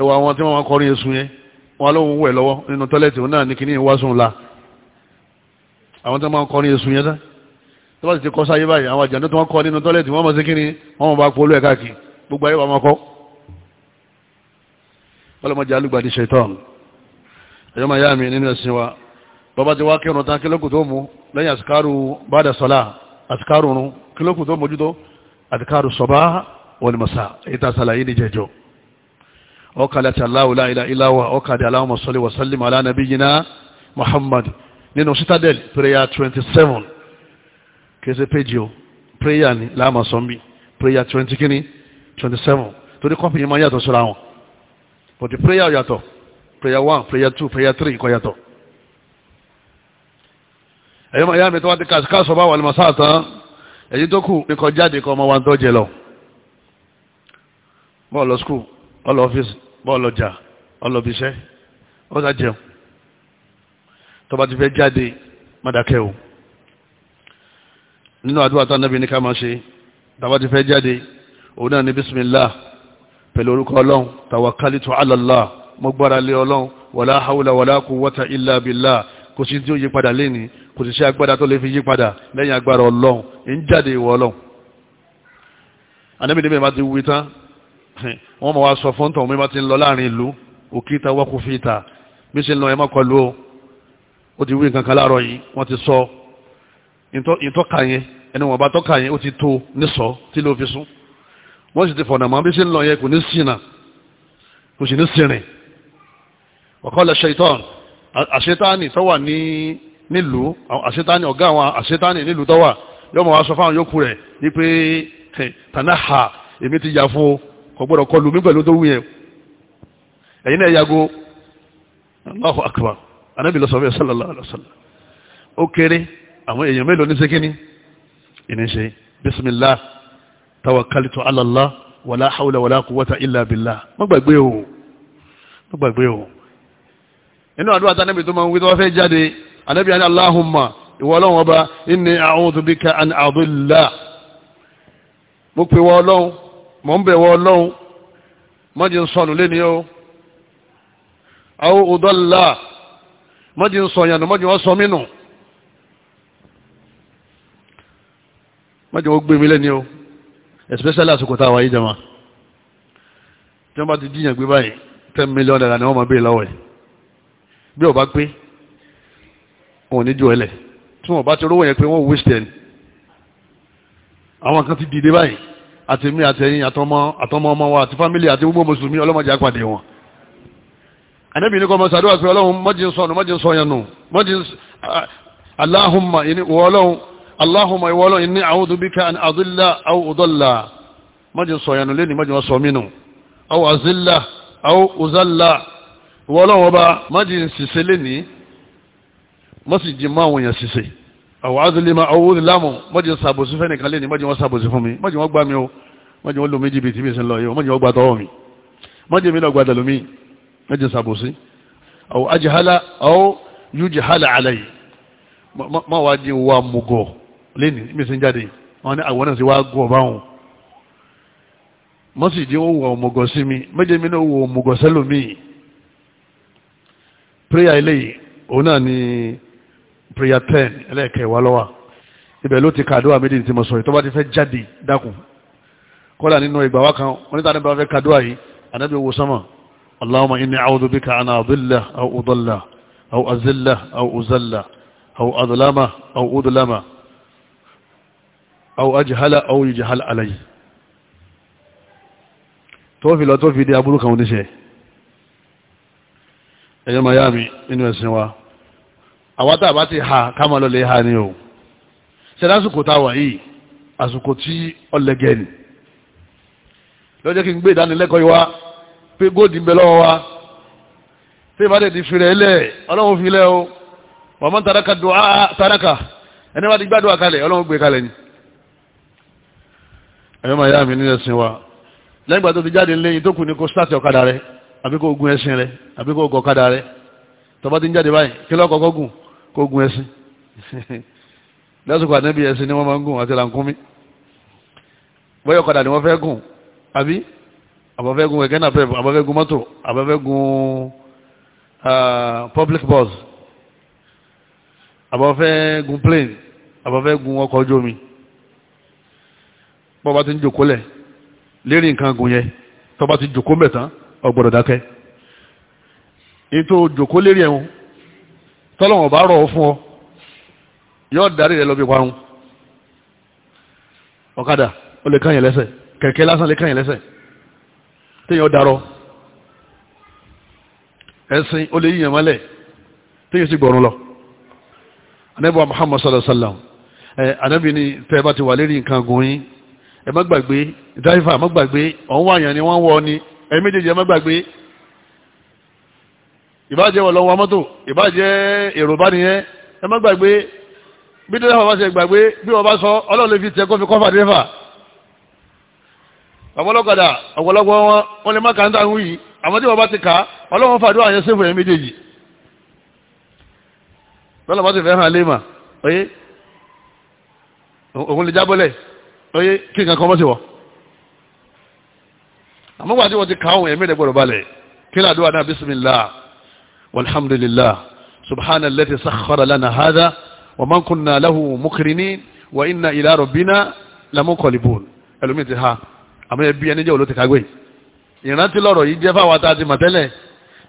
ẹwà àwọn tí wọ́n máa kọrin èsù yẹn wọn lóhun wẹ̀ lọ́wọ́ nínú tọ́lẹ̀tì òun náà ní kíní ìwásùn la àwọn tí wọ́n máa kọrin èsù yẹn tán tí wọ́n sì ti kọ́ sáyé báyìí àwọn àjàndó tí wọ́n kọ ọlọ́mọdé alúgbàdì ṣetán ẹ̀yọ́ máa yá mi nínú ẹ̀sìn wa bàbá ti wá kírun tán kílókù tó mú lẹ́yìn àsìkárù bàdà sọ́lá àsìkárù rún kílókù tó mójútó àsìkárù sọ́bá wọlùmọ̀sá ìta sàlàyé ní jẹjọ ọkàlẹ̀ àti la ilaha illa huwa ọkàlẹ̀ Allahumma salli wa sallim ala nabiyyina prayer 27 kése péjì o prayer ni láàmà sọ́mbì prayer 20 kíní 27 torí kọ́pì yìí máa yàtọ̀ sọ́ra wọn For the prayer yàtọ̀ prayer one prayer two prayer three nǹkan yàtọ̀ ẹ̀yọ́ mọ̀ ìyá mi tó wá ti kàṣíkàṣọ́ bá wà ní màsáà tán èyí tó kù ní kọjá dé kọ́ ọmọ wa ń tọ́jẹ lọ bọ́ọ̀lù skul bọ́ọ̀lù ọ́fíìsì bọ́ọ̀lù ọjà bọ́ọ̀lù ọbíṣẹ́ ọjà jẹun tó bá ti fẹ́ jáde mádàkẹ́ o nínú àdúrà tán nàbí ní ká máa ṣe tó bá ti fẹ́ jáde òun náà ní bísímìlá pẹ̀lú orúkọ ọlọ́run tawakalitu ala Allah mo gbára lé ọlọ́run wàlá haúlà wàlá quwwata illa billah kò sí tí ó yí padà léni kò sí sí agbára tó lè fi yí padà lẹ́yìn agbára ọlọ́run ń jáde ìwọ ọlọ́run anábìnrin mẹ́ta ti wí tán [LAUGHS] wọ́n mọ̀ wá sọ fún tọ̀hún mẹ́ta ti ń lọ láàrin ìlú òkìta wákò fìta bí ṣe ń lọ ẹ kọlu o ó ti wí nǹkan kan yìí wọ́n ti sọ ìtọ́ka yẹn ẹni wọ́n bá tọ́ka yẹn ó ti tó nísọ tí ló fi sún wọ́n sì ti fọ̀nà mọ́ bí sí ń lọ yẹ kò ní sínà kò sì ní sínrin ọ̀kọ́lẹ̀ ṣetán àṣetáni tó wà ní nílùú àṣetáni ọ̀gá àwọn àṣetáni nílùú tó wà yọ́mọ wa sọ fáwọn yòókù rẹ̀ wípé tànáhà èmi ti yà fún kò gbọ́dọ̀ kọlù mí pẹ̀lú tó wù yẹn ẹ̀yin náà yago Allahu akbar anábì lọ sọfẹ́ sallallahu alaihi sallam ó kéré àwọn èèyàn mélòó ní sékíní ìníṣe bismillah tawakalitu alala wàlá hawla wàlá kúwọ́ta ilà bìlá má gbàgbé o má gbàgbé o inú àdúrà tá níbi tó máa ń wí tó wá fẹ́ jáde anábì àní aláhùnmá ìwọ ọlọ́run ọba inni a'udhu bika an adilla mo pè wọ ọlọ́run mò ń bẹ̀ wọ ọlọ́run má jẹ́ ń sọnù lé ní o aw udalla má jẹ́ ń sọyànù má jẹ́ wọ́n sọ mí nù má wọ́n gbé mi lẹ́ni o especially àsìkò táwa yìí jẹma tí wọ́n bá ti jíyàn gbé báyìí ten million naira ni wọ́n máa béèrè lọ́wọ́ ẹ̀ bí ọba pé wọn ò ní ju ẹlẹ̀ tí wọ́n bá ti rówó yẹn pé wọ́n waste ẹni àwọn kan ti dìde báyìí àtẹ̀mí àtẹ̀yìn àtọmọ àtọmọ ọmọ wa àti fámílì àti gbogbo mùsùlùmí ọlọ́mọdé àpàdé wọn ànábì ní kọ́ mọ́ sàdúrà pé ọlọ́run mọ́jì ń sọnù mọ́jì ń sọyànù mọ́jì ń Allahumma ìní wọ́ ọlọ́run Allahumma iwọ́lọ́ inni a'udhu bika an adilla aw udalla mọ́jọ sọ̀yànù lẹ́ni mọ́jọ sọ mínú aw azilla aw uzalla iwọ́lọ́ wọn bá mọ́jọ ṣiṣẹ́ lẹ́ni mọ́sí jí máa wọ̀nyàn ṣiṣẹ́ aw azlima aw udlamu mọ́jọ sàbòsí fẹ́ nìkan lẹ́ni mọ́jọ wọn sàbòsí fún mi mọ́jọ wọn gbá mi o mọ́jọ wọn lomi jìbìtì mi sí lọ yìí mọ́jọ wọn gbá tọwọ́ mi mọ́jọ mi náà gbá dàlómi mọ́jọ sàbòsí aw ajhala aw yujhala alayhi mọ́wàá lẹ́ni mísìn jáde wọn ní àwọn náà sì wá gùn ọba wọn mọ́ sì di owó ọmọgọ̀ sí mi méje mi náà owó ọmọgọ̀ sẹ́lòmíì prayer eléyìí òun náà ni prayer ten ẹlẹ́ẹ̀kẹwàá lọ́wọ́ ibẹ̀ ló ti kàdúrà méjì tí mo sọ yìí tó bá ti fẹ́ jáde dákun kọ́lá nínú ìgbà wá kan wọ́n níta níbi wọn fẹ́ kàdúrà yìí ànábì owó sánmà allahumma inni a'udhu bika ana adilla aw udalla aw azilla aw uzalla aw adlama aw udlama aw ajhala aw yujhal alayhi tó fi lọ tó fi dé aburú kan oníṣẹ́ ẹ̀yọ́ miami nínú ẹ̀sìn wa àwátà bá ti ha káàmà lọ lè ha ní o ṣẹlá àsìkò tá a wà yìí àsìkò tí ọlẹ́gẹ̀ ni lọ́jọ́ kí n gbé ìdánilẹ́kọ̀ọ́ yìí wá pé góòdì ń bẹ lọ́wọ́ wa tí ìbá dẹ̀dì fi rẹ̀ lẹ̀ ọlọ́run fi lẹ́ o wàmọ́ taraka dùn taraka ẹni wá ti gbádùn àkàlẹ̀ ọlọ́run gbé kalẹ̀ ni ẹ̀yọ́ máa yá mi ní ẹ̀sìn wa lẹ́yìn ìgbà tó ti jáde lẹ́yìn tó kù ní kó sáàtì ọ̀kadà rẹ àbí kó gun ẹṣin rẹ àbí kó gun ọ̀kadà rẹ tó bá ti ń jáde báyìí kí lọ́kọ̀ gùn kó gun ẹṣin [LAUGHS] lásìkò ànábì ẹṣin ni wọ́n máa ń gùn àti làǹkúmí bóyá ọ̀kadà ni wọ́n fẹ́ gùn àbí àbọ̀fẹ́ gun kẹ̀kẹ́ nàpẹ́ àbọ̀fẹ́ gun mọ́tò àbọ̀fẹ́ gun public bus àbọ̀fẹ́ gun plane àbọ̀fẹ́ gun ọkọ̀ ojú omi bọ́ba ti ń jòkó lẹ̀ lérí nǹkan gùn yẹn tọ́ba ti jòkó mẹ́ tán ọgbọ́dọ̀ dákẹ́ ètò jòkó lérí ẹ̀hún tọ́lọ́wọ̀n bá rọ̀ fún ọ yóò darí rẹ lọ bí parun ọ̀kadà ó lè kàn yẹn lẹ́sẹ̀ kẹ̀kẹ́ lásán lè kàn lẹ́sẹ̀ téèyàn darọ ẹ̀sìn ó lè yíyan mọ́lẹ̀ téèyàn sì gbọ̀run lọ anábì wa sallallahu alaihi wa sallam anábì ni tẹ́ bá ti wà lérí nǹkan gùn yín ẹ má gbàgbé dráìfà má gbàgbé ọ̀hún wàyàn ni wọ́n wọ ni ẹ méjèèjì ẹ má gbàgbé ìbájẹ́ wọ̀ lọ́wọ́ mọ́tò ìbájẹ́ èrò bá nìyẹn ẹ má gbàgbé bí dẹ́fà bá ṣe gbàgbé bí wọ́n bá sọ ọlọ́run lè fi tẹ kó fi kọ́fà dẹ́fà ọ̀pọ̀lọ́kadà ọ̀pọ̀lọpọ̀ wọn wọn lè má kà ń tàn wí àmọ́ tí wọ́n bá ti kà ọlọ́run fàdúrà yẹn sẹ́fù yẹn méjèèjì lọ́lọ́ bá ti fẹ́ hàn lé mà òye òun lè jábọ́lẹ̀ oye kí nǹkan kan bọ́ sí wọ àmọ́ wàá tí wọ́n ti ka àwọn ẹ̀mí rẹ̀ gbọ́dọ̀ balẹ̀ kí ni àdúrà náà bisimilah walhamdulilah subhana lati sakhara lana hada wa man kunna lahu mukirinin wa inna ila rabbina lamunqalibun ẹlòmíì ti ha àmọ́ ẹbí ẹni jẹ́ olóòtú kagbé ìrántí lọ́rọ̀ yìí jẹ́ fáwọn tá a ti mọ̀ tẹ́lẹ̀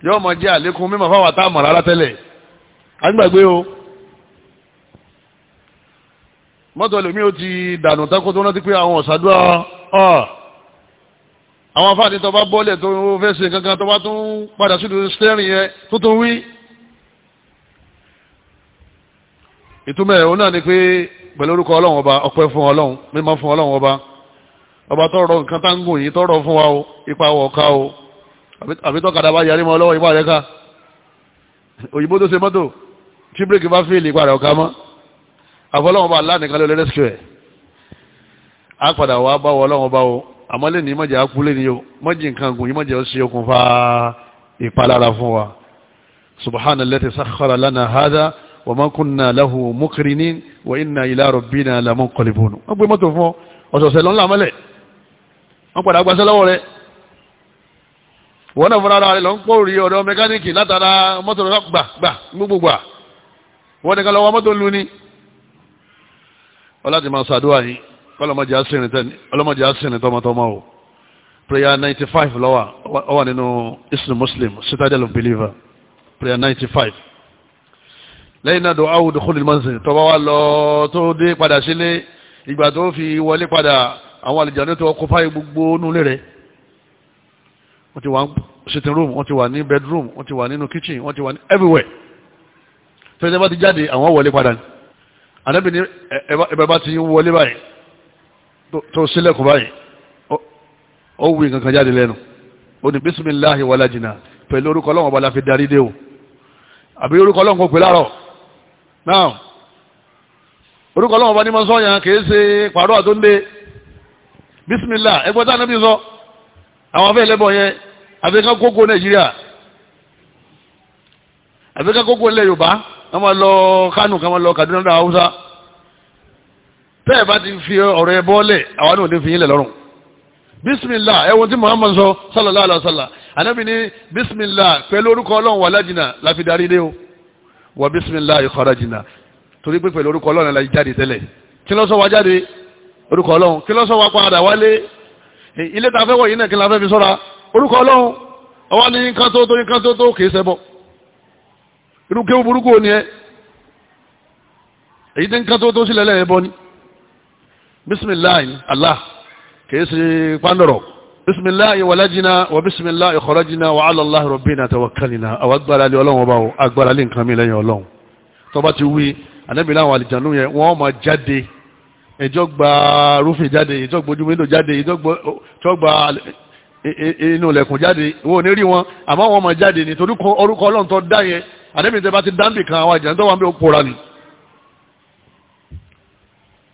yóò mọ̀ jẹ́ àlékún mímọ̀ fáwọn tá mọ̀ rárá tẹ́lẹ̀ agbàgbé o mọ́tò ẹlòmí ó ti dànù tako tó rántí pé àwọn ọ̀sàdúrà ọ̀ àwọn afáàní tó bá bọ́ọ̀lẹ̀ tó fẹ́ ṣe kankan tó bá tún padà sílùú stẹ́rìn yẹn tó tún wí. ìtumọ̀ ẹ̀ òun náà ni pé pẹ̀lú orúkọ ọlọ́run ọba ọpẹ́ fún ọlọ́run mímọ́ fún ọlọ́run ọba ọba tọrọ nǹkan tá ń gùn yìí tọrọ fún wa o ipa wọ̀ ká o àbí tọ́kadà bá yarí mọ́ ọlọ́wọ́ ipá rẹ̀ ká òyìnbó tó ṣe mọ́tò tí bírèkì bá fèèlì ipa rẹ̀ ọ̀ká mọ́ àfọlọ́wọ́n bá aláà nìkan ló lè rẹ́sìkì rẹ̀ á padà wá bá wọ ọlọ́wọ́n bá o àmọ́ lè ní mọ̀jẹ̀ á kú lè ní o mọ̀jẹ̀ nǹkan gùn yìí mọ̀jẹ̀ ó ṣe okùnfà ìpalára fún wa subhana lati sakhara lana hada wa ma kunna lahu mukrinin wa inna ila rabbina lamunqalibun wọ́n gbé mọ́tò fún ọ̀sọ̀ọ̀sẹ̀ lọ́nà àmọ́lẹ̀ wọ́n padà gbaṣẹ́ lọ́wọ́ rẹ̀ wọ́n náà fúnra rẹ̀ lọ ń pọ̀ rí látara mọ́tò rẹ̀ gbà gbà gbogbo gbà wọ́n nìkan lọ́wọ́ mọ́tò lu ni ọláti máa ṣàdúrà yín ọlọ́mọdé àṣìrìn tọmọtọmọ o prayer ninety five lọ́wà ọ wà nínú islam muslim citadel of believer prayer ninety five lẹ́yìn náà dùn áwù dùkúlù mọ́sìn tọ́ba wa lọ tó dé padà sílé ìgbà tó fi wọlé padà àwọn àlùjànnú tó ọkọ̀pá gbogbo nulẹ̀ rẹ̀ wọ́n ti wà sitting room wọ́n ti wà ní bedroom wọ́n ti wà nínú kitchen wọ́n ti wà everywhere tó ṣe bá ti jáde àwọn wọlé padà ni ànábì ní ẹ̀bẹ̀ bá ti ń wọlé báyìí tó sílẹ̀kùn báyìí ó wù nǹkan kan jáde lẹ́nu ó ní bísímìláhì wàlá jìnnà pẹ̀lú orúkọ ọlọ́run ọba la fi darí dé o àbí orúkọ ọlọ́run kò pè láàrọ̀ náà orúkọ ọlọ́run ọba ní mọ́sán yẹn kì í ṣe pàrọ̀ àtúndé bísímìlá ẹgbẹ́ tá ànábì sọ àwọn afẹ́ ẹlẹ́bọ̀ yẹn àfikán kókó nàìjíríà àfikán kókó ilẹ̀ ká máa lọ Kánò ká máa lọ Kaduna dá Haúsá tẹ́ ẹ̀ bá ti fi ọ̀rọ̀ ẹ bọ́ọ̀lẹ̀ àwọn náà fi yín lẹ̀ lọ́rùn bismillah ẹwọ́n tí Muhammad sọ sallallahu alaihi wasallam anábì ní bismillah pẹ̀lú orúkọ ọlọ́run wà lájìnà láfi darí dé o wà bismillah kharajna torí pé pẹ̀lú orúkọ ọlọ́run la jáde tẹ́lẹ̀ kí ló sọ wá jáde orúkọ ọlọ́run kí ló sọ wá padà wálé ilé tá a fẹ́ wọ̀ yìí náà kí la fi sọ́ra orúkọ ọlọ́run ọwọ́ ní nǹkan tó tó kì í ṣẹbọ irú kéwú burúkú ò ní ẹ èyí tí ń kán tó tó sílẹ̀ lẹ́yìn bọ́ ni bisimilahi allah kìí ṣe pandoro bisimilahi walajina wa bisimilahi kharajina wa ala allah rabbina tawakkalina àwọn agbára lé ọlọ́run ọba o agbára lé nǹkan mi lẹ́yìn ọlọ́run tó ti wí anábìlá àwọn àlìjànú yẹn wọ́n máa jáde ẹjọ́ gba rúfin jáde ẹjọ́ gbójú wíńdò jáde ẹjọ́ gba inú ilẹ̀kùn jáde wọ́n ò ní rí wọn àmọ́ wọ́n máa jáde nítorí orúkọ ọlọ́run dá yẹn àdébìnrin tẹ́ bá ti dáńbì kan àwọn àjẹ́ tó wà ń bẹ́ òpóra ni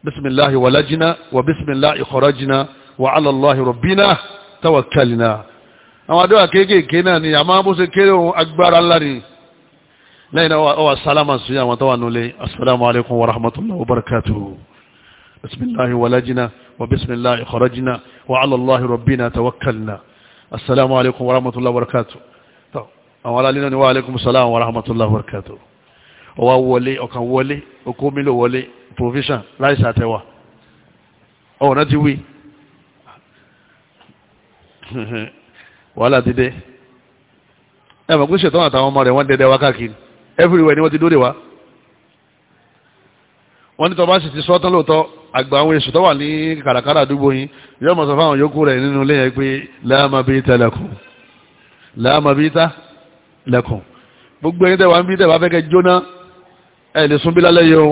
bisimilahi walajina wa bisimilahi kharajina wa alalahi rabbina tawakkalina àwọn àdúrà kéékèèké náà ni àmọ́ bó ṣe kéré ohun agbára ńlá ni lẹ́yìn náà ọwà sálámà sí àwọn tó wà nílé assalamu alaikum wa rahmatullahi wa barakatuhu bisimilahi walajina wa bisimilahi kharajina wa alalahi rabbina tawakkalina assalamu alaikum wa rahmatullahi wa barakatuhu àwọn alálẹ́ náà ni wa alaikum salaam wa rahmatullahi wa barakatuh ọwá wọlé ọkàn wọlé okó mílò wọlé provision láìsí àtẹwà ọ̀nà ti wí [LAUGHS] wàhálà ti dé ẹ mọ̀ àtàwọn ọmọ rẹ̀ wọ́n dẹ́dẹ́ wá káàkiri everywhere ni wọ́n ti dóde wá wọ́n ní tọba sì ti sọ tán lóòótọ́ àgbà àwọn èṣù tó wà ní kàràkàrà àdúgbò yín yóò mọ̀ sọ fáwọn yòókù rẹ̀ nínú ilé pé láàmà bíi tẹlẹkùn láàmà bíi tá lẹ́kùn gbogbo ẹni tẹ́wàá ń bí tẹ́wàá fẹ́kẹ́ jóná ẹ̀ lè sún bí lálẹ́ yìí o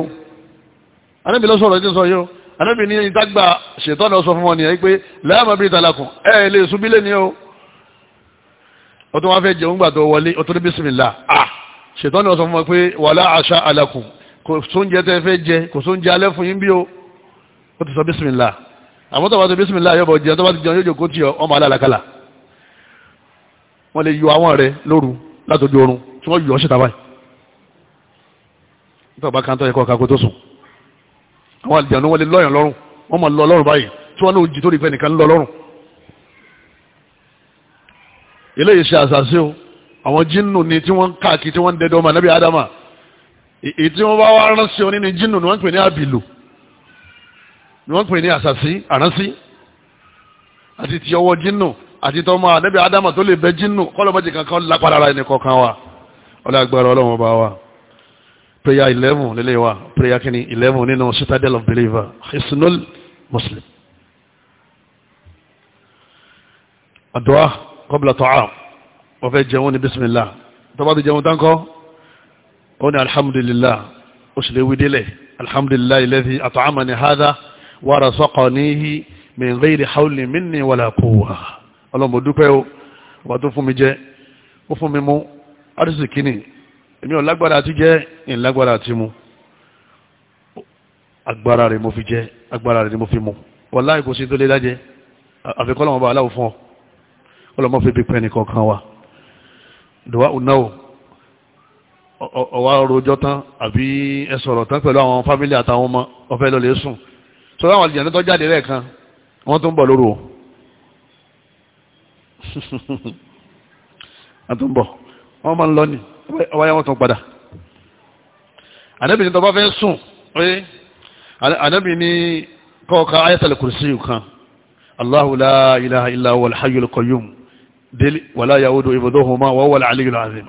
anábì lọ́sọ̀rọ̀ ẹ̀jẹ̀ sọ yìí o anábì ní ìtagbà ṣètọ́nà sọ fún wọn nìyẹn pé láàmà bí ìtàlákùn ẹ̀ lè sún bí lẹ́ni o ó tún wá fẹ́ jẹun gbà tó wọlé ó tún ní bísímìlá à ṣètọ́nà sọ fún wọn pé wàlá àṣà àlàkùn kò fẹ́ jẹ wọ́n lè yọ àwọn rẹ̀ lóru látòjú oorun tí wọ́n yọ ọ́ síta báyìí nítorí bá káńtọ́ ẹ̀kọ́ kakó tó sùn àwọn àlìjànú wọlé lọ́yàn lọ́rùn wọ́n máa lọ lọ́rùn báyìí tí wọ́n lóun jì tó rí fẹ́ nìkan lọ lọ́rùn eléyìí ṣe àṣàṣe o àwọn jínnù ni tí wọ́n ń káàkiri tí wọ́n ń dẹdọ́ ọmọ anábì ádámà èyí tí wọ́n bá wá ránṣẹ́ oní ni jínnù ni wọ́n ń pè ní àbìlù ni wọ́n ń pè ní àṣàṣí àránṣí àti ti ọwọ́ jínnù àti tọ́mọ ànábì ádámà tó lè bẹ jínú kọ́lọ́mọ́jì kankan lápálára ẹnì kọ̀ọ̀kan wa ọlọ́gbàrá ọlọ́run ọba wa prayer eleven lélẹ̀ wa prayer kìíní eleven nínú citadel of believer hisnul muslim àdúrà qabla ta'am wọ́n fẹ́ jẹun ní bismillah tọ́ba ti jẹun táǹkọ́ ó ní alhamdulillah ó sì lè wí délẹ̀ alhamdulillah alladhi at'amani hadha wa razaqanihi min ghayri hawlin minni wala quwwah ọlọ́mọ dúpẹ́ o ọba tó fún mi jẹ ó fún mi mú àdìsí kínní èmi ò lágbára àti jẹ ìní lágbára mu agbára rẹ̀ mo fi jẹ agbára rẹ̀ mo fi mu wàláhì kò sí tó lé lájẹ àfikọ́ lọ́wọ́ bá aláwọ̀ fún ọ ọlọ́mọ fi bí pẹ́ nìkan kan wa dùwà ùnáwó ọwọ́ rojọ́ tán àbí ẹsọ̀rọ̀ tán pẹ̀lú àwọn fámílì àtàwọn ọmọ ọfẹ́ lọ lè sùn sọ láwọn àlìjàn tó jáde rẹ̀ kan wọ́n tún bọ̀ lóru o. [LAUGHS] àtúnbọ̀ wọ́n máa ń lọ ní ọwáyá wọn tó padà ànábì ní tọba fẹ́ sùn oye ànábì ní kọ́ọ̀ká ayatul kursi kan Allahu la ilaha illa huwal hayyul qayyum wala yaudu ibduhuma wa huwal aliyyul azim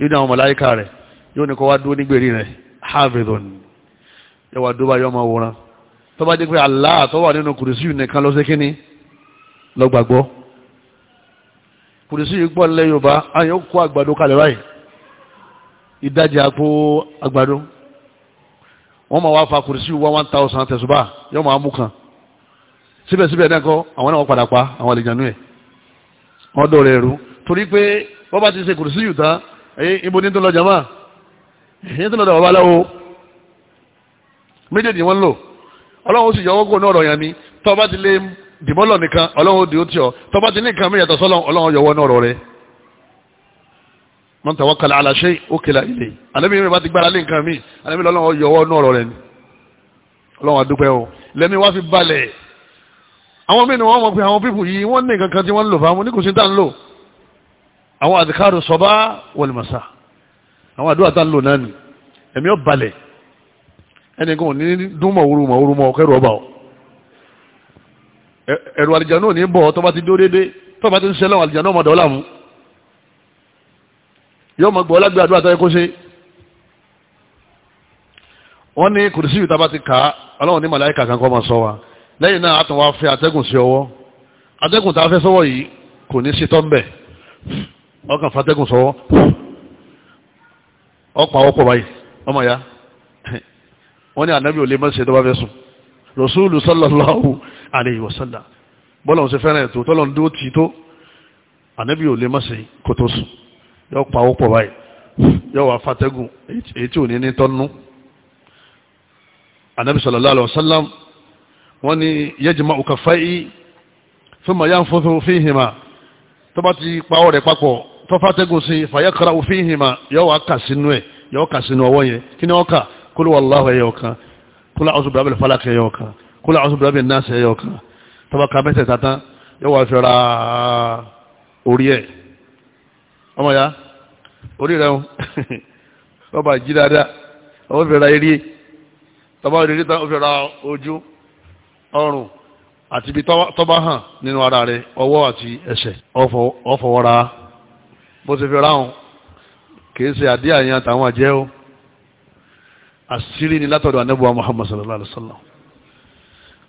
nínú àwọn màláíkà rẹ̀ yóò ní kọ́ wá dúró nígbèrè rẹ̀ havidon yóò wá dúró bá yọ ọmọ wòran tó bá dé pé Allah tó wà nínú kùrìsì nìkan ló ṣe kíní lọ gbàgbọ́ kùrìsì gbọ́ nílẹ̀ Yorùbá àyàn kó àgbàdo kalẹ̀ báyìí ìdajì àpò àgbàdo wọ́n máa wá fa kùrìsì wá one thousand tẹ̀sùbà yóò máa mú kan síbẹ̀síbẹ̀ náà kọ́ àwọn náà wọ́n padà pa àwọn àlejò àánú ẹ̀ wọ́n dọ̀rẹ̀ ẹ̀rú torí pé wọ́n bá ti ṣe kùrìsì tán ibo ní tó lọ jama ní tó lọ dọ̀ babaláwo méjèèjì wọn lò ọlọ́run sì yọwọ́ kó ní ọ̀rọ̀ yẹn ni tó bá ti lé dìbọ́lọ̀ nìkan ọlọ́run di ó ti ọ tó bá ti ní nǹkan mi yàtọ̀ sọ́lọ́ ọlọ́run yọwọ́ ní ọ̀rọ̀ rẹ man tawakkala ala shay ukila ilay alẹ́mi mi bá ti gbára lé nǹkan mi alẹ́mi lọ́lọ́run yọwọ́ ní ọ̀rọ̀ rẹ ni ọlọ́run adúpẹ́ o lẹ́mi wá fi balẹ̀ àwọn mí ni wọ́n mọ̀ pé àwọn pípù yìí wọ́n ní nǹkan kan tí àwọn àdìkárò sọba wọlùmọ̀sá àwọn àdúrà tá ń lò náà ni ẹ̀mí ọ̀ balẹ̀ ẹnì kan ò ní dúnmọ̀ orúmọ̀ orúmọ̀ ọ̀kẹ́rù ọba ọ̀ ẹ̀rù àlìjà náà ní bọ̀ tọ́ba ti dó dédé tọ́ba ti ń ṣẹlẹ̀ àwọn àlìjà náà mọ̀dọ̀ ọ̀làmú yóò mọ̀ gbọ́ lágbé àdúrà táyé kó wọ́n ní kùrìsì yìí tába ti kà á ọlọ́run ní màláìkà kan kọ́ máa sọ wa lẹ́yìn náà àtúnwá fẹ́ atẹ́gùn sí ọwọ́ atẹ́gùn tá a fẹ́ sọ́wọ́ yìí kò ní sí tọ́ḿbẹ̀ ọkàn fatẹ́gùn sọ́wọ́ ọ̀pọ̀ àwọ̀pọ̀ báyìí ọmọ ya wọ́n ní ànábì ò lè mọ́sẹ̀ tó bá fẹ́ sùn rọ̀súùlù sallallahu alayhi wa sallam bọ́lọ̀ ṣe fẹ́ràn ètò tọ́lọ̀ dúró tì tó ànábì ò lè mọ́sẹ̀ kó tó sùn yọ pa àwọ̀pọ̀ báyìí yọ wà fatẹ́gùn èyí tí ò ní ní tọ́nú ànábì sallallahu alayhi wa sallam wọ́n ní yajma'u kaffayhi thumma yanfuthu fihima tó bá ti pa ọ̀rẹ́ papọ̀ tọ́fàtẹ́gùn sí fàyàkàrà òfin ìhìnmá yọ wà kà sínú ẹ̀ yọ kà sínú ọwọ́ yẹn kí ni wọ́n kà kúlù wàláhù ẹ̀yọ kan kúlù àwọn ọ̀sùn bìràbìlì falak ẹ̀yọ kan kúlù àwọn ọ̀sùn bìràbìlì náàsì ẹ̀yọ kan tọ́bàkà mẹ́tẹ̀ẹ̀ta tán yọ wà fẹ́ ra orí ẹ̀ ọmọ ya orí rẹ̀ wọ́n bá jí dáadáa wọ́n fẹ́ ra eré tọ́bà eré tán wọ́n ọrùn àti ibi tọ́bà hàn nínú ara rẹ̀ ọwọ́ àti ẹsẹ̀ ọ̀fọwọ́ra bó ṣe fi ráhùn kìí ṣe àdí àyàn àtàwọn àjẹ́ ó àṣírí ni látọ̀dọ̀ anábùwà muhammad sallallahu alaihi wasallam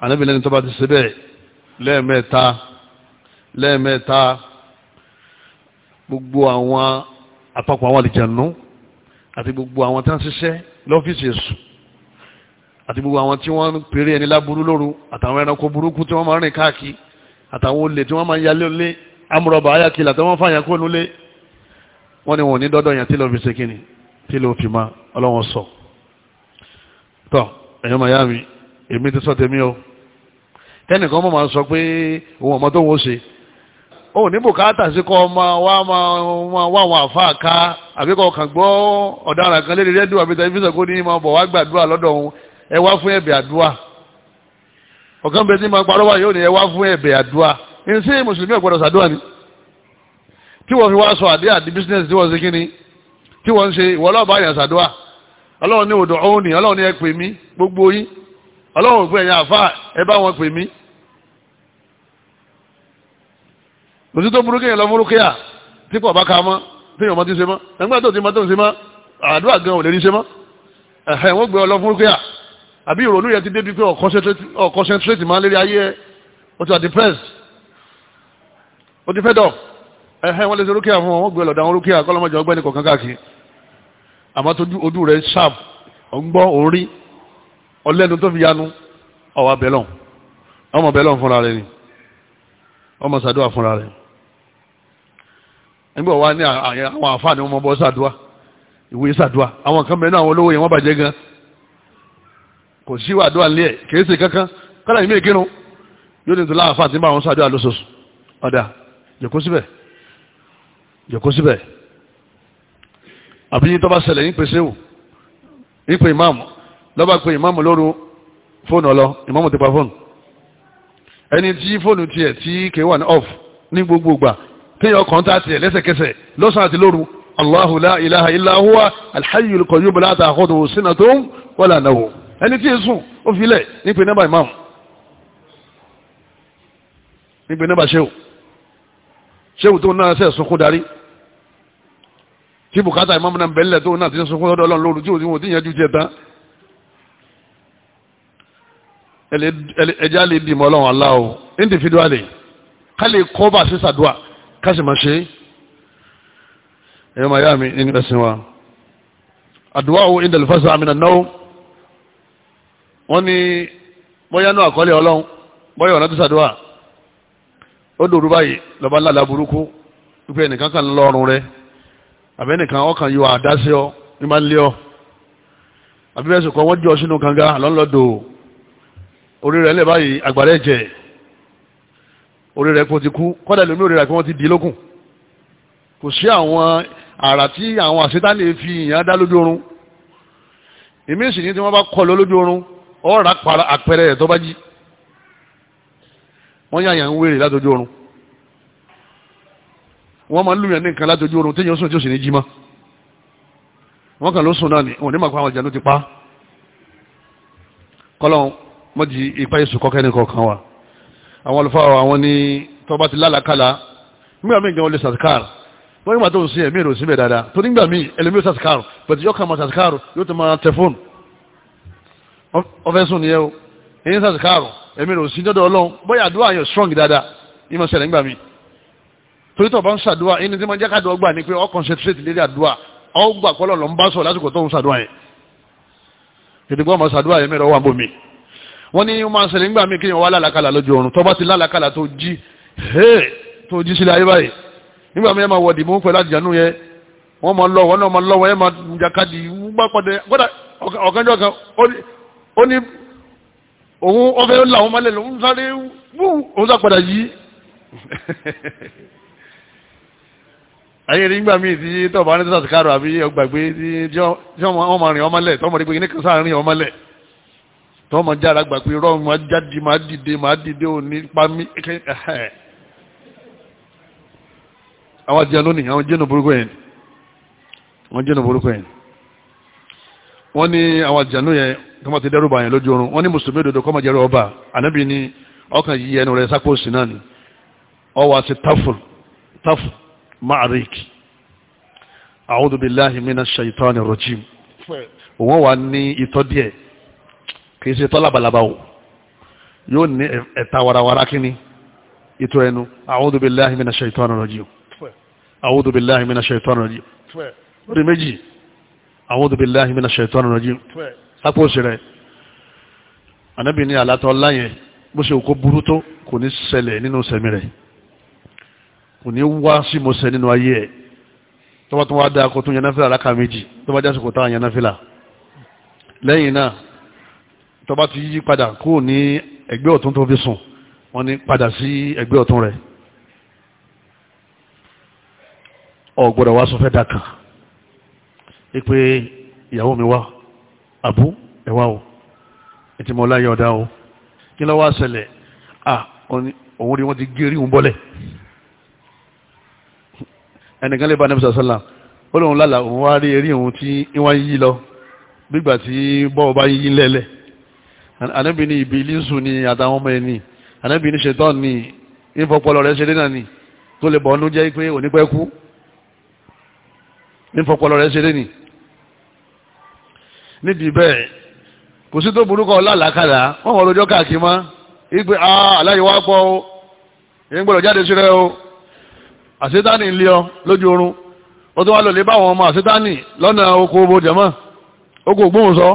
anábì lẹ́ni tó bá ti ṣe bẹ́ẹ̀ lẹ́ẹ̀mẹ́ta lẹ́ẹ̀mẹ́ta gbogbo àwọn àpapọ̀ àwọn àlìjànú àti gbogbo àwọn tí wọ́n ṣiṣẹ́ lọ́fíìsì èṣù àti gbogbo àwọn tí wọ́n ń pèrè ẹni láburú lóru àtàwọn ẹranko burúkú tí wọ́n máa ń rìn káàkiri àtàwọn olè tí wọ́n máa ń yalé olé amúrọ̀bà ayakilà tí wọ́n fàyàn kó nulé wọ́n ní wọn ní dọ́dọ̀ yẹn tí ló fi ṣe kíni tí ló fi máa ọlọ́wọ́n sọ tọ́ ẹ̀yọ́ miami èmi ti sọ tèmi o tẹ́nìkan mọ̀ máa sọ pé òun ọmọ tó wọ́n ṣe ó ní bùkátà sí kọ́ ọmọ wa máa wá àwọn àfáà ká àbí kọ́ kàn gbọ́ ọ̀daràn kan lérí rẹ́díò àbí tẹlifíṣàn kó ní máa bọ̀ wá gbàdúrà lọ́dọ̀ òun ẹ wá fún ẹ̀bẹ̀ àdúrà ọ̀kan bẹ́ẹ̀ tí máa parọ́ wá yóò ní ẹ wá fún ẹ̀bẹ̀ àdúrà ní sí mùsùlùmí ọ̀gbọ́dọ̀ ṣàdúrà ni tí wọ́n fi wá sọ àdé àdé business tí wọ́n ṣe kíni tí wọ́n ṣe ìwọ ọlọ́ọ̀bá àyàn ọlọ́run ní odò ọ̀hún ni ọlọ́run ní ẹ pè mí gbogbo yín ọlọ́run pé ẹ̀yà àfáà ẹ bá wọn pè mí. òsì tó burúkú yẹn lọ burúkú yà tí kò bá ka mọ́ tí yọ̀ọ́ mọ́ ti ṣe mọ́ ẹgbẹ́ tó ti mọ́ tó ń ṣe mọ́ àdúrà gan ò lè rí ṣe mọ́ ẹ̀hẹ̀ wọ́n gbé ọ lọ burúkú yà àbí ìrònú yẹn ti débi pé ọ̀ concentrate máa lérí ayé ẹ ó ti wà depressed ó ti fẹ́ dọ̀ ẹ̀hẹ́ wọ́n lè ṣe rúkìá fún wọn gbé lọ́dọ̀ àwọn a kọ́lọ́mọ̀jọ́ ọgbẹ́ni kọ̀ọ̀kan káàkiri àmọ́ tó ojú rẹ̀ ṣáàpù ọ̀gbọ́ orí ọlẹ́nu tó fi yanu ọwà bẹ̀lọ̀n ọmọ bẹ̀lọ̀n fúnra rẹ̀ ni ọmọ sàdúwà fúnra rẹ̀ nígbà wá ní àwọn ni bọ́ sàdúwà ìwé sàdúwà àwọn kan mẹ́rin àwọn olówó yẹn wọ́n bàjẹ́ gan kò jòkó síbẹ̀ àbí tó bá ṣẹlẹ̀ yín pèsè wò yín pè ìmáàmù lọ́ba pè ìmáàmù lóru fóònù ọlọ ìmáàmù ti pa fóònù ẹni tí fóònù tiẹ̀ tí kì í wà ní off ní gbogbo ìgbà téèyàn kàn tá tiẹ̀ lẹ́sẹ̀kẹsẹ̀ lọ́sàn àti lóru Allahu la ilaha illa huwa al-hayyul qayyum la ta'khudhuhu sinatun wala nawm ẹni tí èsùn ó filẹ̀ nípe nọ́mbà ìmáàmù nípe nọ́mbà ṣéwù ṣéwù tó náà ṣe sunkún darí tí bùkátà ìmọ̀mù náà bẹ̀lẹ̀ tó náà ti ń sunkún lọ́dọ̀ ọlọ́run lóru tí òun ti yẹn ju tiẹ̀ tán ẹja lè dìmọ̀ ọlọ́run aláwọ̀ individually ká lè kọ́ bá sí sàdúà ká sì máa ṣe é ẹ̀yọ́ máa yá mi nínú ẹ̀sìn wa àdúrà wo indalifasa amina náà wọ́n ní bóyá náà àkọlé ọlọ́run bóyá ọ̀nà tó sàdúà ó dòru báyìí lọ́ba lálàá burúkú wípé ẹnìkan kan lọ́rùn rẹ àbẹ́nìkan ọkàn yóò àdáṣe ọ ní máa ń lé ọ àbíbẹ̀sì kan wọ́n jọ sínú kànga lọ́nlọ́dọ̀ orí rẹ̀ lẹ́ báyìí àgbàrá ẹ̀jẹ̀ orí rẹ̀ kò ti kú kọ́dà lómi orí rẹ̀ kí wọ́n ti di lókun kò sí àwọn àrà tí àwọn àṣetánì fi ìyàn dá lójú oorun ìmísì ní tí wọ́n bá kọ́ lọ lójú oorun ọ̀rà àpẹẹrẹ ẹ̀ tó wọ́n yà yàn ń wèrè látọjú oorun wọ́n máa ń lùyàn ní nǹkan látọjú oorun téèyàn sùn tí ó sì ní jí mọ́ wọ́n kàn ló sùn náà ni òní màkà àwọn ìjànú ti pa kọ́lọ́n wọ́n di ipa èso kọ́kẹ́ ní kọ̀ọ̀kan wa àwọn olùfà wa wọ́n ní tọ́ba ti lálàkàlà nígbà míì gan olè sàtìkàr wọ́n nígbà tó ń sin ẹ̀mí rò síbẹ̀ dáadáa tó nígbà míì ẹlẹ́mí ó sàtìkàr pẹ̀tù yọkàn máa sàtìkàr yóò tó máa tẹfóònù ọfẹ́ sùn nìyẹn o èyí sàtìkàr ẹ̀mí rò sí dọ́dọ̀ ọlọ́run bóyá àdúrà yẹn strong dáadáa ní ma ṣẹlẹ̀ nígbà mi torí tó bá ń ṣàdúrà ẹni tí ma jẹ́ káàdùn ọgbà ni pé ọ concentrate lérí àdúrà ọ gbà kọ́lọ̀ lọ ń bá sọ lásìkò tó ń ṣàdúrà yẹn ètò gbọ́n ma yẹn mẹ́rọ wà bó mi wọ́n ní ma ṣẹlẹ̀ nígbà mi kí ni wọ́n lálàkàlà lójú oorun tó bá ti lálàkàlà tó jí tó jí sílẹ̀ ayé báyìí nígbà mi yẹn ma wọ̀ dìbò pẹ̀lú àjànú yẹn wọ́n ma lọ wọ́n náà ma lọ wọ́n yẹn ma jàkadì gbàpọ̀dẹ̀ ọ̀kanjọ́ kan ó ní òun ọfẹ́ làwọn mọ́lẹ̀ lòun sáré wú òun sàpadà yí ayé nígbà míì tí tọ́ba ní sàtì kárò àbí ọgbàgbé tí wọ́n máa rìn ọmọlẹ̀ tọ́mọ rí pé ní kásá rìn ọmọlẹ̀ tọ́mọ jára gbà pé rọ́ọ̀mù máa jáde máa dìde máa dìde ò ní pamí àwọn jẹ́ lónìí àwọn jẹ́nu burúkú yẹn àwọn jẹ́nu burúkú yẹn wọ́n ní àwọn àjànú yẹn kí wọ́n ti dẹ́rù bàyàn lójú oorun wọ́n ní mùsùlùmí òdodo kọ́ máa jẹ́rù ọba ànábì ní ọkàn yíyẹ ẹnu rẹ̀ sápò sí náà ni ọwọ́ àti tafur tafur ma'arik a'udhu billahi minash shaitani rajim òun wà ní ìtọ́ díẹ̀ kì ṣe tọ́ labalábá o yóò ní ẹ̀ta warawara kínní ìtọ́ ẹnu a'udhu billahi minash shaitani rajim a'udhu billahi minash shaitani rajim orí méjì a'udhu billahi minash shaitanir rajim sápò sí rẹ̀ ànábì ní àlátọ́ ọlá yẹn bó ṣe kó burú tó kò ní ṣẹlẹ̀ nínú sẹ̀mí rẹ̀ kò ní wá sí mo sẹ nínú ayé ẹ̀ tọ́wọ́ tó wá dáa kó tún láka méjì tó bá jásìkò táwọn yanáfílà lẹ́yìn náà tó bá ti yí padà kúrò ní ẹgbẹ́ ọ̀tún tó fi sùn wọ́n ní padà sí ẹgbẹ́ ọ̀tún rẹ̀ ọ̀gbọ̀dọ̀ wá sọ fẹ́ dà kan pé ìyàwó mi wá àbú ẹ̀wá o ètí mọ́ láyé ọ̀dá o kí ló wá ṣẹlẹ̀ à òun rí wọ́n ti gé rí òun bọ́lẹ̀ ẹnìkan lè bá nẹ́bí sàṣẹ́là ó lóun lálà òun wá rí eré òun tí wọ́n yí lọ nígbà tí bọ́ọ̀ bá yí lẹ́lẹ̀ anábì ní ìbílísù ni àtàwọn ọmọ ẹni anábì ní ṣetán ni ìfọpọlọ rẹ ṣe dénà ni tó lè bọ̀ ọ́nú jẹ́ pé òní kú ìfọpọlọ rẹ ṣe dénà níbi bẹ́ẹ̀ kò sí tó burúkọ lálàákàlà wọn wọ́n lójọ́ káàkiri mọ́ igbe aláyé wá o èyí jáde sí rẹ o àṣetánì ń lé ọ lójú oorun ó tún wá lò lé báwọn ọmọ àṣetánì lọ́nà oko obo jẹ̀mọ́ oko sọ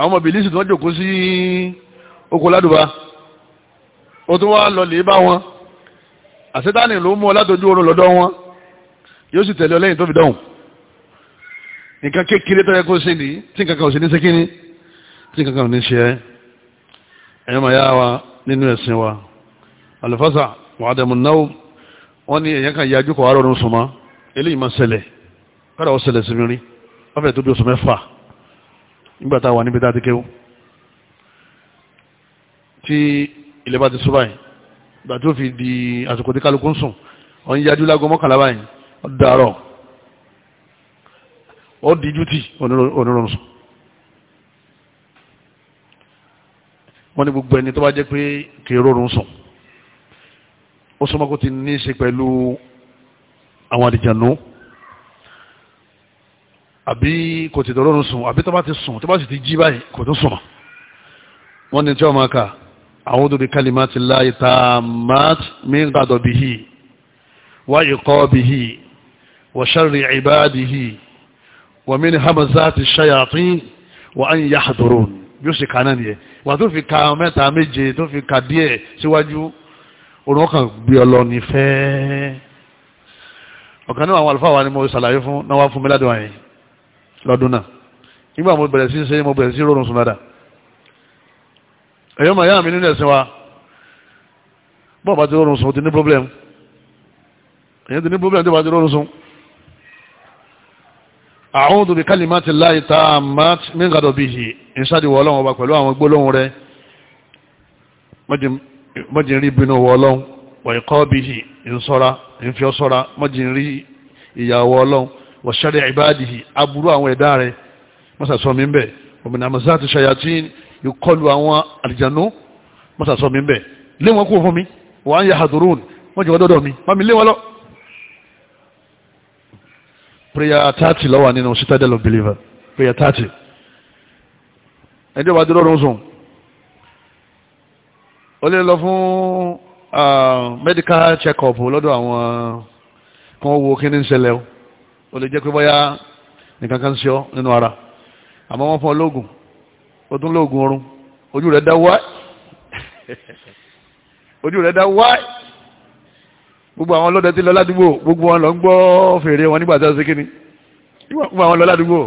àwọn ọmọ bìlísì tó jòkó sí oko ó tún wá wọn ló nǹkan kékeré tó yẹ kó sí ni tí nǹkan kan ò sí ní sékíní tí nǹkan kan ò ní ṣe ẹ́ ẹ̀yọ́ máa yá wa nínú ẹ̀sìn wa alifasa wàhádẹ́mu náà wọ́n ní ẹ̀yẹ́ kan yájú kọ̀ wá rọrùn sùnmọ́ eléyìí máa ṣẹlẹ̀ kọ́dà ó ṣẹlẹ̀ sí mi rí wọ́n fẹ́ẹ̀ tó bí oṣù mẹ́fà nígbà tá a wà níbi tá a ti kéwú tí ilẹ̀ bá ti sọ báyìí gbà tó fi di àsìkò tí kálukú ń sùn ọ̀n ó díjú tì onírọ̀rùn sùn. wọ́n ní gbogbo ẹni tó bá jẹ́ pé kì í rọrùn sùn ó súnmọ́ kó ti ní í ṣe pẹ̀lú àwọn àdìjànú àbí kò ti dọ̀rọ̀ sùn àbí tó bá ti sùn tó bá sì ti jí báyìí kò tó sùn wọ́n ní tí wọ́n máa kà a'udhu bi kalimati llahi tammati min ghadabihi wa iqabihi wa sharri ibadihi wa min hamazati shayatin wa an yahdurun bí ó ṣe kà náà nìyẹn wà tó fi ka mẹ́ta méje tó fi ka díẹ̀ síwájú òun ọkàn gbé ọlọ́ni fẹ́ ọ̀kan náà àwọn àlùfáà wa ni mo ṣàlàyé fún náà wá fún mi ládùn àyìn lọ́dún náà nígbà mo bẹ̀rẹ̀ sí ṣe mo bẹ̀rẹ̀ sí rọrùn sùn dáadáa ẹ̀yọ́ màá yá mi nínú ẹ̀sìn wa bọ́ọ̀ bá ti rọrùn sùn ti ní problem èyí ti ní problem tó bá ti rọrùn sùn a'udhu bi kalimati llahi tammati min ghadabihi ìṣàdìwọ̀ ọlọ́run ọba pẹ̀lú àwọn gbólóhùn rẹ̀ mọ́jìnrí bínú wọ ọlọ́run wa iqabihi ìṣọ́ra ìfiọ́sọ́ra mọ́jìnrí ìyàwó ọlọ́run wa sharri ibadihi aburú àwọn ẹ̀dá rẹ̀ mọ́sàsọ́mí ń bẹ̀ ọ̀mìn àmọ́sáàtì ṣayatin ìkọlù àwọn àlìjànú mọ́sàsọ́mí ń bẹ̀ léwọn kú fún mi wà á ń yà prayer thirty lọ́wọ́ nínú citadel of believer prayer thirty ẹni wàá dúró ọ̀run sùn ó lè lọ fún medical check up lọ́dọ̀ àwọn kan wo kí ní ṣẹlẹ̀ o ó lè jẹ́ pé bóyá nǹkan kan ṣe ọ́ nínú ara àmọ́ wọ́n fún ọ ó tún lóògùn oorun ojú rẹ̀ dá wáì [LAUGHS] ojú rẹ̀ dá wáì gbogbo àwọn ọlọ́dẹ tí lọ ládùúgbò gbogbo wọn lọ ń gbọ́ fèrè wọn nígbà tó ṣe kíni gbogbo àwọn lọ ládùúgbò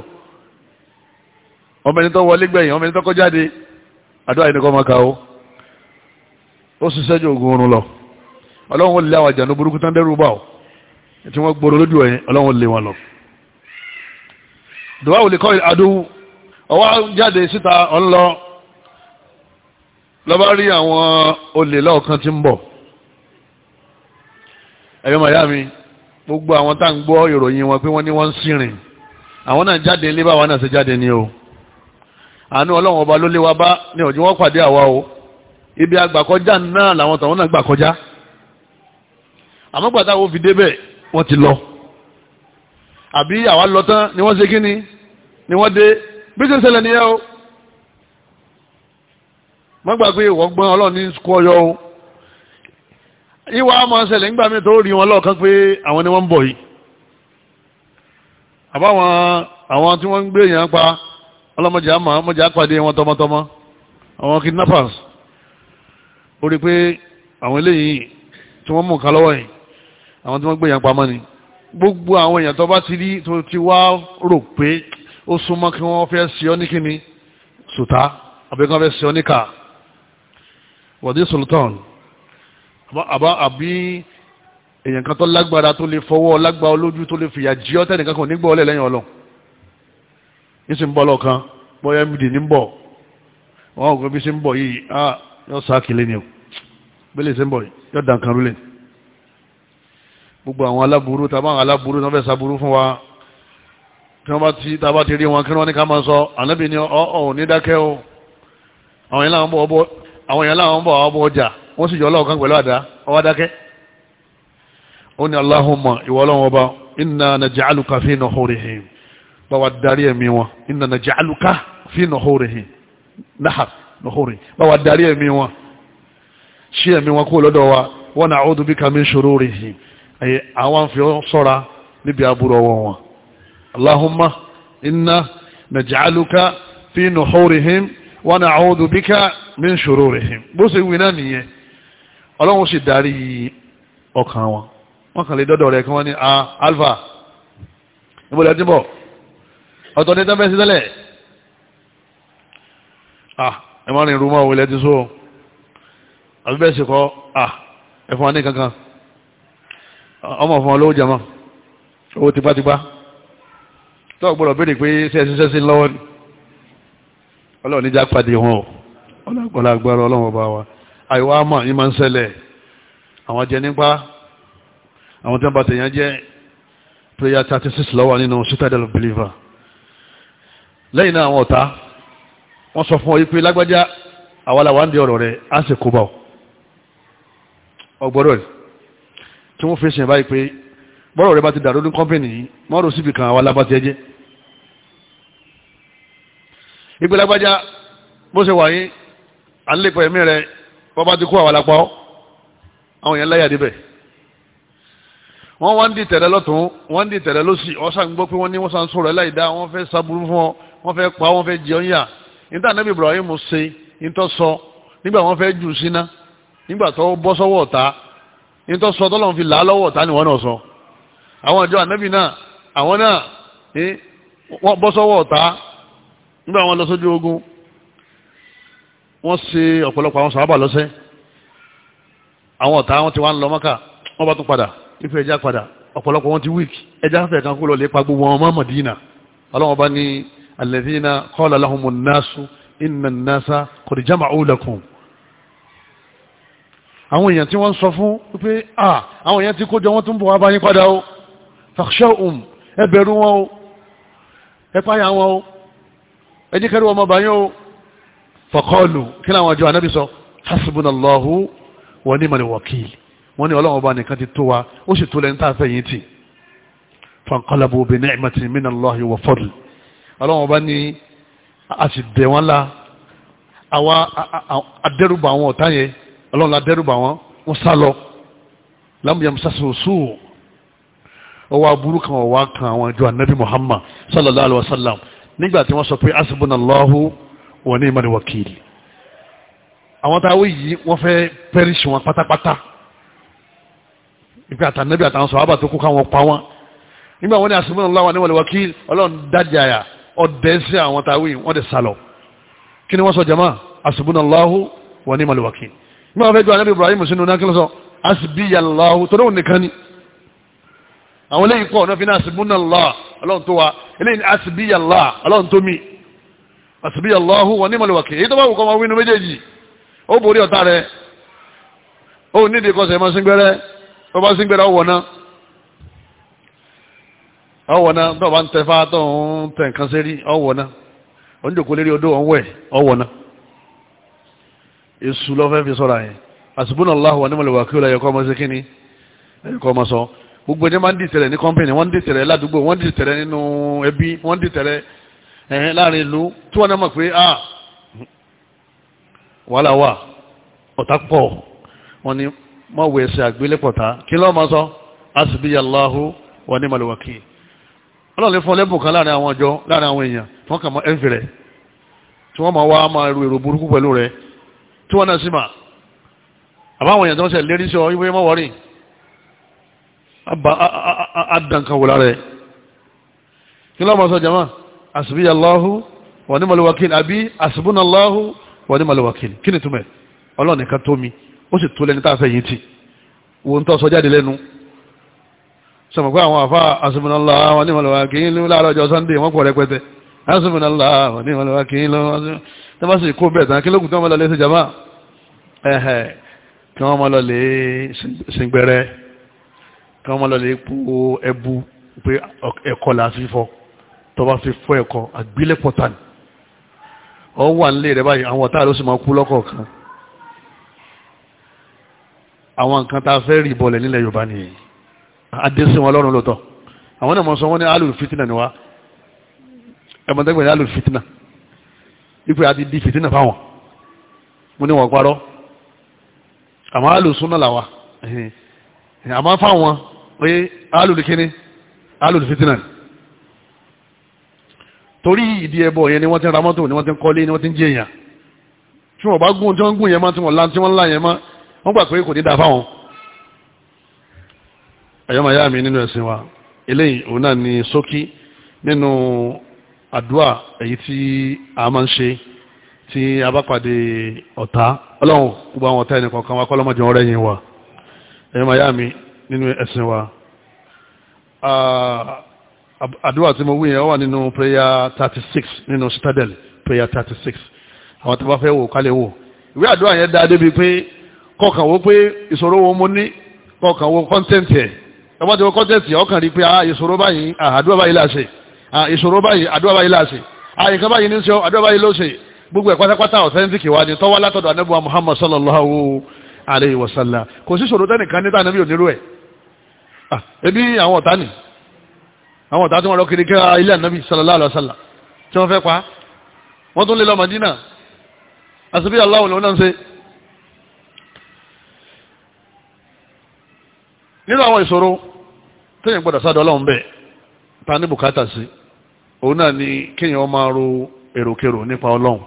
ọmọ ẹni tó wọlé gbẹ̀yìn ọmọ ẹni tó kọjáde àdó àyìnìkan máa ka ó ó ṣiṣẹ́ ju oògùn oorun lọ ọlọ́run ó lé àwọn àjànú burúkú tán dẹ́rù bá ọ tí wọ́n gbòòrò lójú ẹ̀yìn ọlọ́run lé wọn lọ. dùwà òlì kọ́ àdó ọwọ́ jáde síta ọ̀nlọ lọ́ba rí àwọn ẹ̀yọ́ màyá mi gbogbo àwọn tá à ń gbọ́ ìròyìn wọn pé wọ́n ní wọ́n ń sìnrìn àwọn náà jáde nílé báwa náà ṣe jáde ní o àánú ọlọ́run ọba ló lé wa bá ní ọ̀jọ́ wọ́n pàdé àwa o ibi àgbàkọjá náà làwọn tàwọn náà gbà kọjá àmọ́ gbàtà wo fi débẹ̀ wọ́n ti lọ àbí àwa lọ tán ni wọ́n ṣe kí ni ni wọ́n dé bí ṣe ṣẹlẹ̀ nìyẹn o mọ́gbàgbé ìwọ̀gbọ́n ọlọ́run ní sukú ọyọ́ o ìwà àmọ́ ṣẹlẹ̀ nígbà mi tó rí wọn lọ́ọ̀kan pé àwọn ni wọ́n ń bọ̀ yìí àbáwọn àwọn tí wọ́n ń gbé èèyàn pa ọlọ́mọdé àmọ́ ọmọdé àpàdé wọn tọmọtọmọ àwọn kidnappers ó rí pé àwọn eléyìí tí wọ́n mú nǹkan lọ́wọ́ yìí àwọn tí wọ́n gbé èèyàn pamọ́ ni gbogbo àwọn èèyàn tó bá ti rí tó ti wá rò pé ó súnmọ́ kí wọ́n fẹ́ sí ọ ní kíni sùtá àbí kí wọ́n fẹ́ sí ọ níkà wọ̀dí sultan àbá àbí èèyàn kan tó lágbára tó lè fọwọ́ lágbá olójú tó lè fìyà jí ọ́ tẹ́nìkan kan nígbà ọlẹ́ lẹ́yìn ọlọ́ ní sì ń bọ́ lọ́kan bóyá md ní ń bọ̀ wọ́n kò bí sí ń bọ̀ yìí á yọ sáàkìlẹ̀ ni o bẹ́lẹ̀ sí ń bọ̀ yọ dànkan rúlẹ̀ gbogbo àwọn aláburú tàbá àwọn aláburú náà fẹ́ sáburú fún wa tí wọ́n bá ti tàbá ti rí wọn kí wọ́n ní ká máa sọ ànábì ni ọ̀ ọ̀ ní dákẹ́ o àwọn yẹn láwọn bọ̀ ọjà wọ́n sì jọ ọlọ́run kan pẹ̀lú àdá ọwọ́ dákẹ́ ó ní Allahumma ìwọ ọlọ́run ọba inna naj'aluka fi nuhurihim bá wa darí ẹ̀mí wọn inna naj'aluka fi nuhurihim náà nuhuri bá wa darí ẹ̀mí wọn ṣí ẹ̀mí wọn kúrò lọ́dọ̀ wa wa na'udhu bika min shururihim ẹ̀yẹ àwọn fi sọ́ra níbi aburú ọwọ́ wọn Allahumma inna naj'aluka fi nuhurihim wa na'udhu bika min shururihim bó ṣe wí náà nìyẹn ọlọ́run sì darí ọkàn wọn wọ́n kàn lè dọ́dọ̀ rẹ̀ kí wọ́n ní ah, alfa níbo lẹ́tí bọ̀ ọ̀tọ̀ ní tẹ́fẹ́ sí tẹ́lẹ̀ ah ẹ má rìn rú mọ́ òwe lẹ́tí só àbí bẹ́ẹ̀ sì kọ́ ah ẹ fún wa ní kankan ọmọ fún wọn lówó jẹmọ́ owó tipátipá tó gbọ́dọ̀ béèrè pé sẹ́sí sẹ́sí lọ́wọ́ ni ọlọ́run níjà pàdé wọn o ọlọ́gbọ́n agbára ọlọ́run ọba wa àìwá mọ̀ ní máa ń ṣẹlẹ̀ àwọn jẹ nípa àwọn tí wọ́n bá tèèyàn jẹ́ prayer thirty six lọ́wọ́ nínú citadel of believer lẹ́yìn náà àwọn ọ̀tá wọ́n sọ fún ọ wípé lágbájá àwa làwa ń di ọ̀rọ̀ rẹ̀ á sì kó bá ọ ọgbọ́dọ̀ rẹ̀ tí wọ́n fèsì báyìí pé bọ́rọ̀ rẹ̀ bá ti dàrú ní kọ́mpìnì yìí mọ́rọ̀ síbi kan àwa lábá ẹjẹ́ ìgbélágbájá bó ṣe wà yín à ń lépa ẹ̀mí rẹ̀ bọ́bá ti kú àwọn alápá ọ́ àwọn èèyàn láyà níbẹ̀ wọ́n wá ń di tẹ̀lé lọ́tún wọ́n ń di tẹ̀lé lọ́sì ọ̀sà ń gbọ́ pé wọ́n ní wọ́n sá ń sọ̀rọ̀ láì dá wọ́n fẹ́ sábúrú fún ọ wọ́n fẹ́ pa wọ́n fẹ́ jẹ ọ́ yà níta níbi Ibrahim ṣe nítọ́ sọ nígbà wọ́n fẹ́ jù síná nígbà tó bọ́ sọ́wọ́ ọ̀tá nítọ́ sọ tọ́lọ́run fi là á lọ́wọ́ ọ̀tá ni wọ́n náà sọ àwọn àjọ ànábì náà àwọn náà wọ́n bọ́ sọ́wọ́ ọ̀tá nígbà wọ́n lọ sójú ogun wọ́n ṣe ọ̀pọ̀lọpọ̀ àwọn sàábà lọ́sẹ̀ àwọn ọ̀tá wọn ti wá ń lọ mọ́kà wọ́n bá tún padà ìfẹ́ ẹja padà ọ̀pọ̀lọpọ̀ wọn ti wíìk ẹja fẹ́ kan kó lọ lè pa gbogbo wọn mọ́ Mádínà ọlọ́wọ́n bá ní alladhina qala lahumun nasu inna nasa qad jama'u lakum àwọn èèyàn tí wọ́n sọ fún pé à àwọn èèyàn ti kójọ wọ́n tún bọ̀ wá bá yín ọmọ bàyán fọkọ́ọ̀lù kí làwọn ọjọ́ anábì sọ hasbunallahu wa ni'mal wakil wọ́n ní ọlọ́run ọba nìkan ti tó wa ó sì tó lẹ́ni tá a fẹ́ yìí tì fanqalabu bi ni'matin minallahi wa fadl ọlọ́run ọba ní a sì dẹ̀ wọ́n la àwa adẹ́rùbà wọn ọ̀tá yẹn ọlọ́run la dẹ́rùbà wọn wọ́n sá sọ pé hasbunallahu wọ́n ní ìmọ̀ ni wọ́kìlì àwọn táwọn yìí wọ́n fẹ́ pẹ́rìṣì wọn pátápátá ìpè àtànẹ́bí àtàwọn sọ̀rọ̀ àbàtò kó káwọn pa wọn nígbà wọn ni àsìmọ́nà wọn ni wọ́n lè wọ́kìlì ọlọ́run dájàyà ọ̀dẹ́ sí àwọn táwọn yìí wọ́n dẹ̀ sálọ kí ni wọ́n sọ jama àsìmọ́nà Allahu wọ́n ní ìmọ̀ ni wọn ní asibúnà lọ́wọ́ wa eléyìí ní asibiyallahu ọlọ́run tó mi àtìbí Allahu wa ni'mal wakil èyí tó bá wù kọ́ máa wínú méjèèjì ó borí ọ̀tá rẹ̀ ó nídìí kọsẹ̀ máa síngbẹ́rẹ́ tó bá síngbẹ́rẹ́ ọwọ́ náà ọwọ́ náà tó bá ń tó ń nǹkan lérí odó ọ̀hún wẹ̀ èṣù lọ́fẹ́ fi sọ́ra yẹn ẹ̀hìn láàrin ìlú tí wọ́n náà mọ̀ pé ah wàhálà wà ọ̀tá pọ̀ wọ́n ní mọ̀ wẹ̀ ṣe àgbélépọ̀tá kí lọ́ mọ̀ sọ asibi yàlláhu wa ni'mal wakil ọlọ́run lè fún ọlẹ́bùn kan láàrin àwọn ọjọ́ láàrin àwọn èèyàn tí wọ́n kà mọ́ ẹ̀fì rẹ̀ tí wọ́n máa wá máa ru èrò burúkú pẹ̀lú rẹ̀ tí wọ́n náà sì mà àbáwọn èèyàn tí wọ́n ṣe lérí sọ ìwé mọ́ wọ́rìn àdàǹkan lára ẹ̀ kí lọ́ mọ̀ sọ jama àṣìbíyà lọ́hù wà ní mọ̀lúwàkìl àbí àṣìbúnà lọ́hù wà ní mọ̀lúwàkìl kí ni túmẹ̀ ọlọ́run nìkan tó mi ó sì tó lẹ́ni táfẹ́ yìí tì wo ń tọ́ sọ jáde lẹ́nu sọmọ pé àwọn àfa àṣìbúnà lọ́hù wà ní mọ̀lúwàkìl láàárọ̀ ọjọ́ sunday wọ́n pọ̀ rẹpẹtẹ àṣìbúnà lọ́hù wà ní mọ̀lúwàkìl tẹ́fàṣì kó bẹ̀ tán kí lókùn tí wọ́n máa lọ lé sí jama ẹ̀hẹ̀ kí wọ́n máa lọ lé sìngbẹ̀rẹ̀ kí wọ́n máa lọ lé po ẹbu pé ẹ̀kọ́ là á tó bá fi fọ́ ẹ̀kọ́ àgbélẹ̀pọ̀ tán ọ wà nílé rẹ̀ báyìí àwọn ọ̀tá ló sì máa kú lọ́kọ̀ọ̀kan àwọn nǹkan tá a fẹ́ rí bọ̀lẹ̀ nílẹ̀ Yorùbá nìyí adésìn wọn lọ́rùn lóòótọ́ àwọn náà mọ̀ sọ wọ́n ní alùl ni wá di fitina fáwọn mo ní wọ́n parọ́ àmọ́ alùl súnà làwà àmọ́ fáwọn torí ìdí ẹbọ yẹn ni wọ́n ti ra mọ́tò ni wọ́n ti kọ́lé ni wọ́n ti ń jẹyàn tí wọ́n bá gún tí wọ́n gún yẹn mọ́ tí wọ́n lan tí wọ́n lan yẹn mọ́ wọ́n gbà pé kò ní da fáwọn. àyọ̀mọ̀yá mi nínú ẹ̀sìn wa eléyìí òun náà ni ṣókí nínú àdúrà èyí tí a máa ń ṣe tí a bá pàdé ọ̀tá ọlọ́run gbogbo àwọn ọ̀tá ẹnìkan kan wá kọ́ lọ́mọdé wọn rẹ́yìn wa àyọ̀mọ̀yá mi nínú ẹ̀sìn wa. Ah, àdúrà tí mo wí yẹn wà nínú prayer thirty six nínú citadel prayer thirty six àwọn tó bá fẹ́ wò kálẹ̀ wò ìwé àdúrà yẹn dáa débi pé kọkàn wo pé ìṣòro wo mo ní kọkàn wo kọ́ńtẹ́ǹtì ẹ̀ ẹgbọ́n ti wo kọ́ńtẹ́ǹtì ọkàn rí pé ah ìṣòro báyìí ah àdúrà báyìí là ṣe ah ìṣòro báyìí àdúrà báyìí là ṣe ah nǹkan báyìí ní ṣe àdúrà báyìí ló ṣe gbogbo ẹ̀ pátápátá authentic wa ni tọ́wọ́ látọ̀dọ̀ anábùwà Muhammad sallallahu alayhi wa sallam kò sí ìṣòro tẹ́nìkan ní tànàbí onírú ah ebi àwọn ọ̀tá àwọn ọ̀tá tí wọ́n lọ kí ilé ànábì sallallahu alaihi wasallam tí wọ́n fẹ́ pa wọ́n tún lè lọ Madina àṣìbí aláwọ̀ lòun náà ń ṣe nínú àwọn ìṣòro téèyàn gbọ́dọ̀ sádọ́ ọlọ́run bẹ́ẹ̀ ta ní bùkátà sí òun náà ni kéèyàn máa ro èròkèrò nípa ọlọ́run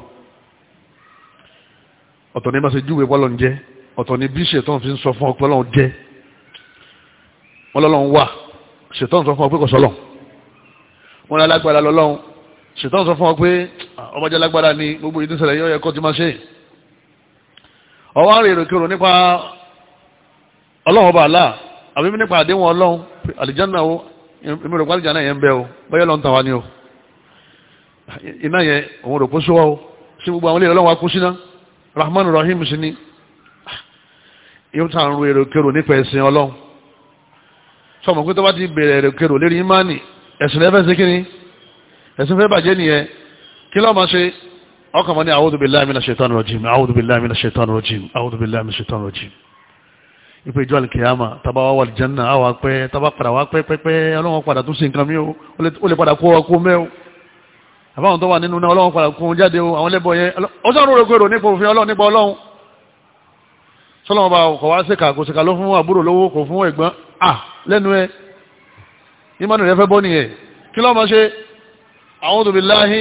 ọ̀tọ̀ ní bá ṣe júwe pọ́lọ́n jẹ́ ọ̀tọ̀ ní bí ṣètọ́n fi ń sọ fún ọ jẹ́ wọ́n wà ṣètọ́n sọ fún ọ pé wọn ní alágbára lọ́lọ́run ṣètọ́n sọ fún wọn pé ah, ọmọdé alágbára ni gbogbo ìdí ìṣẹ̀lẹ̀ yóò yẹ kó ti máa ṣe ọwọ́ àrùn èrò kìrò nípa ọlọ́run ọba àlá àbí nípa àdéhùn ọlọ́run àlìjánà o èmi rò pé àlìjánà yẹn ń bẹ o bọ́yọ́ lọ́n tàn wá ni o iná yẹn òun rò pé sọ́wọ́ o sí gbogbo àwọn ilé ọlọ́run wa kú síná rahman rahim sí ni ah, yóò tàn rú èrò kìrò nípa ẹ̀sìn ọlọ́run sọmọ pé tó bá ti bẹ̀rẹ̀ èrò kìrò lérí imáni ẹ̀sùn lẹ́fẹ́ ṣe kí ni ẹ̀sùn fẹ́ bàjẹ́ nìyẹn kí ló máa ṣe ọkàn mọ́ ní a'udhu billahi minash shaitani rajim a'udhu billahi minash shaitani rajim a'udhu billahi minash shaitani rajim ipe ìjọ alìkìyàmà tàbá wà wà lìjánà àwọn apẹ́ tàbá padà wà pẹ́pẹ́pẹ́ ọlọ́wọ́n padà tún sí nǹkan mi ó lè padà kó ọkọ mẹ́o àbáwọn tó wà nínú náà ọlọ́wọ́n padà kó jáde o àwọn lẹ́bọ̀ yẹn ọjọ́ òróró gbèrò nípa òfin ọlọ́run nípa ọlọ́run bá kọ̀ wá síkà kò síkà ló fún àbúrò lówó kò fún ẹ̀gbọ́n à lẹ́nu ẹ ìmánu rẹ̀ fẹ́ bọ́ nìyẹn kí ló máa ṣe a'udhu billahi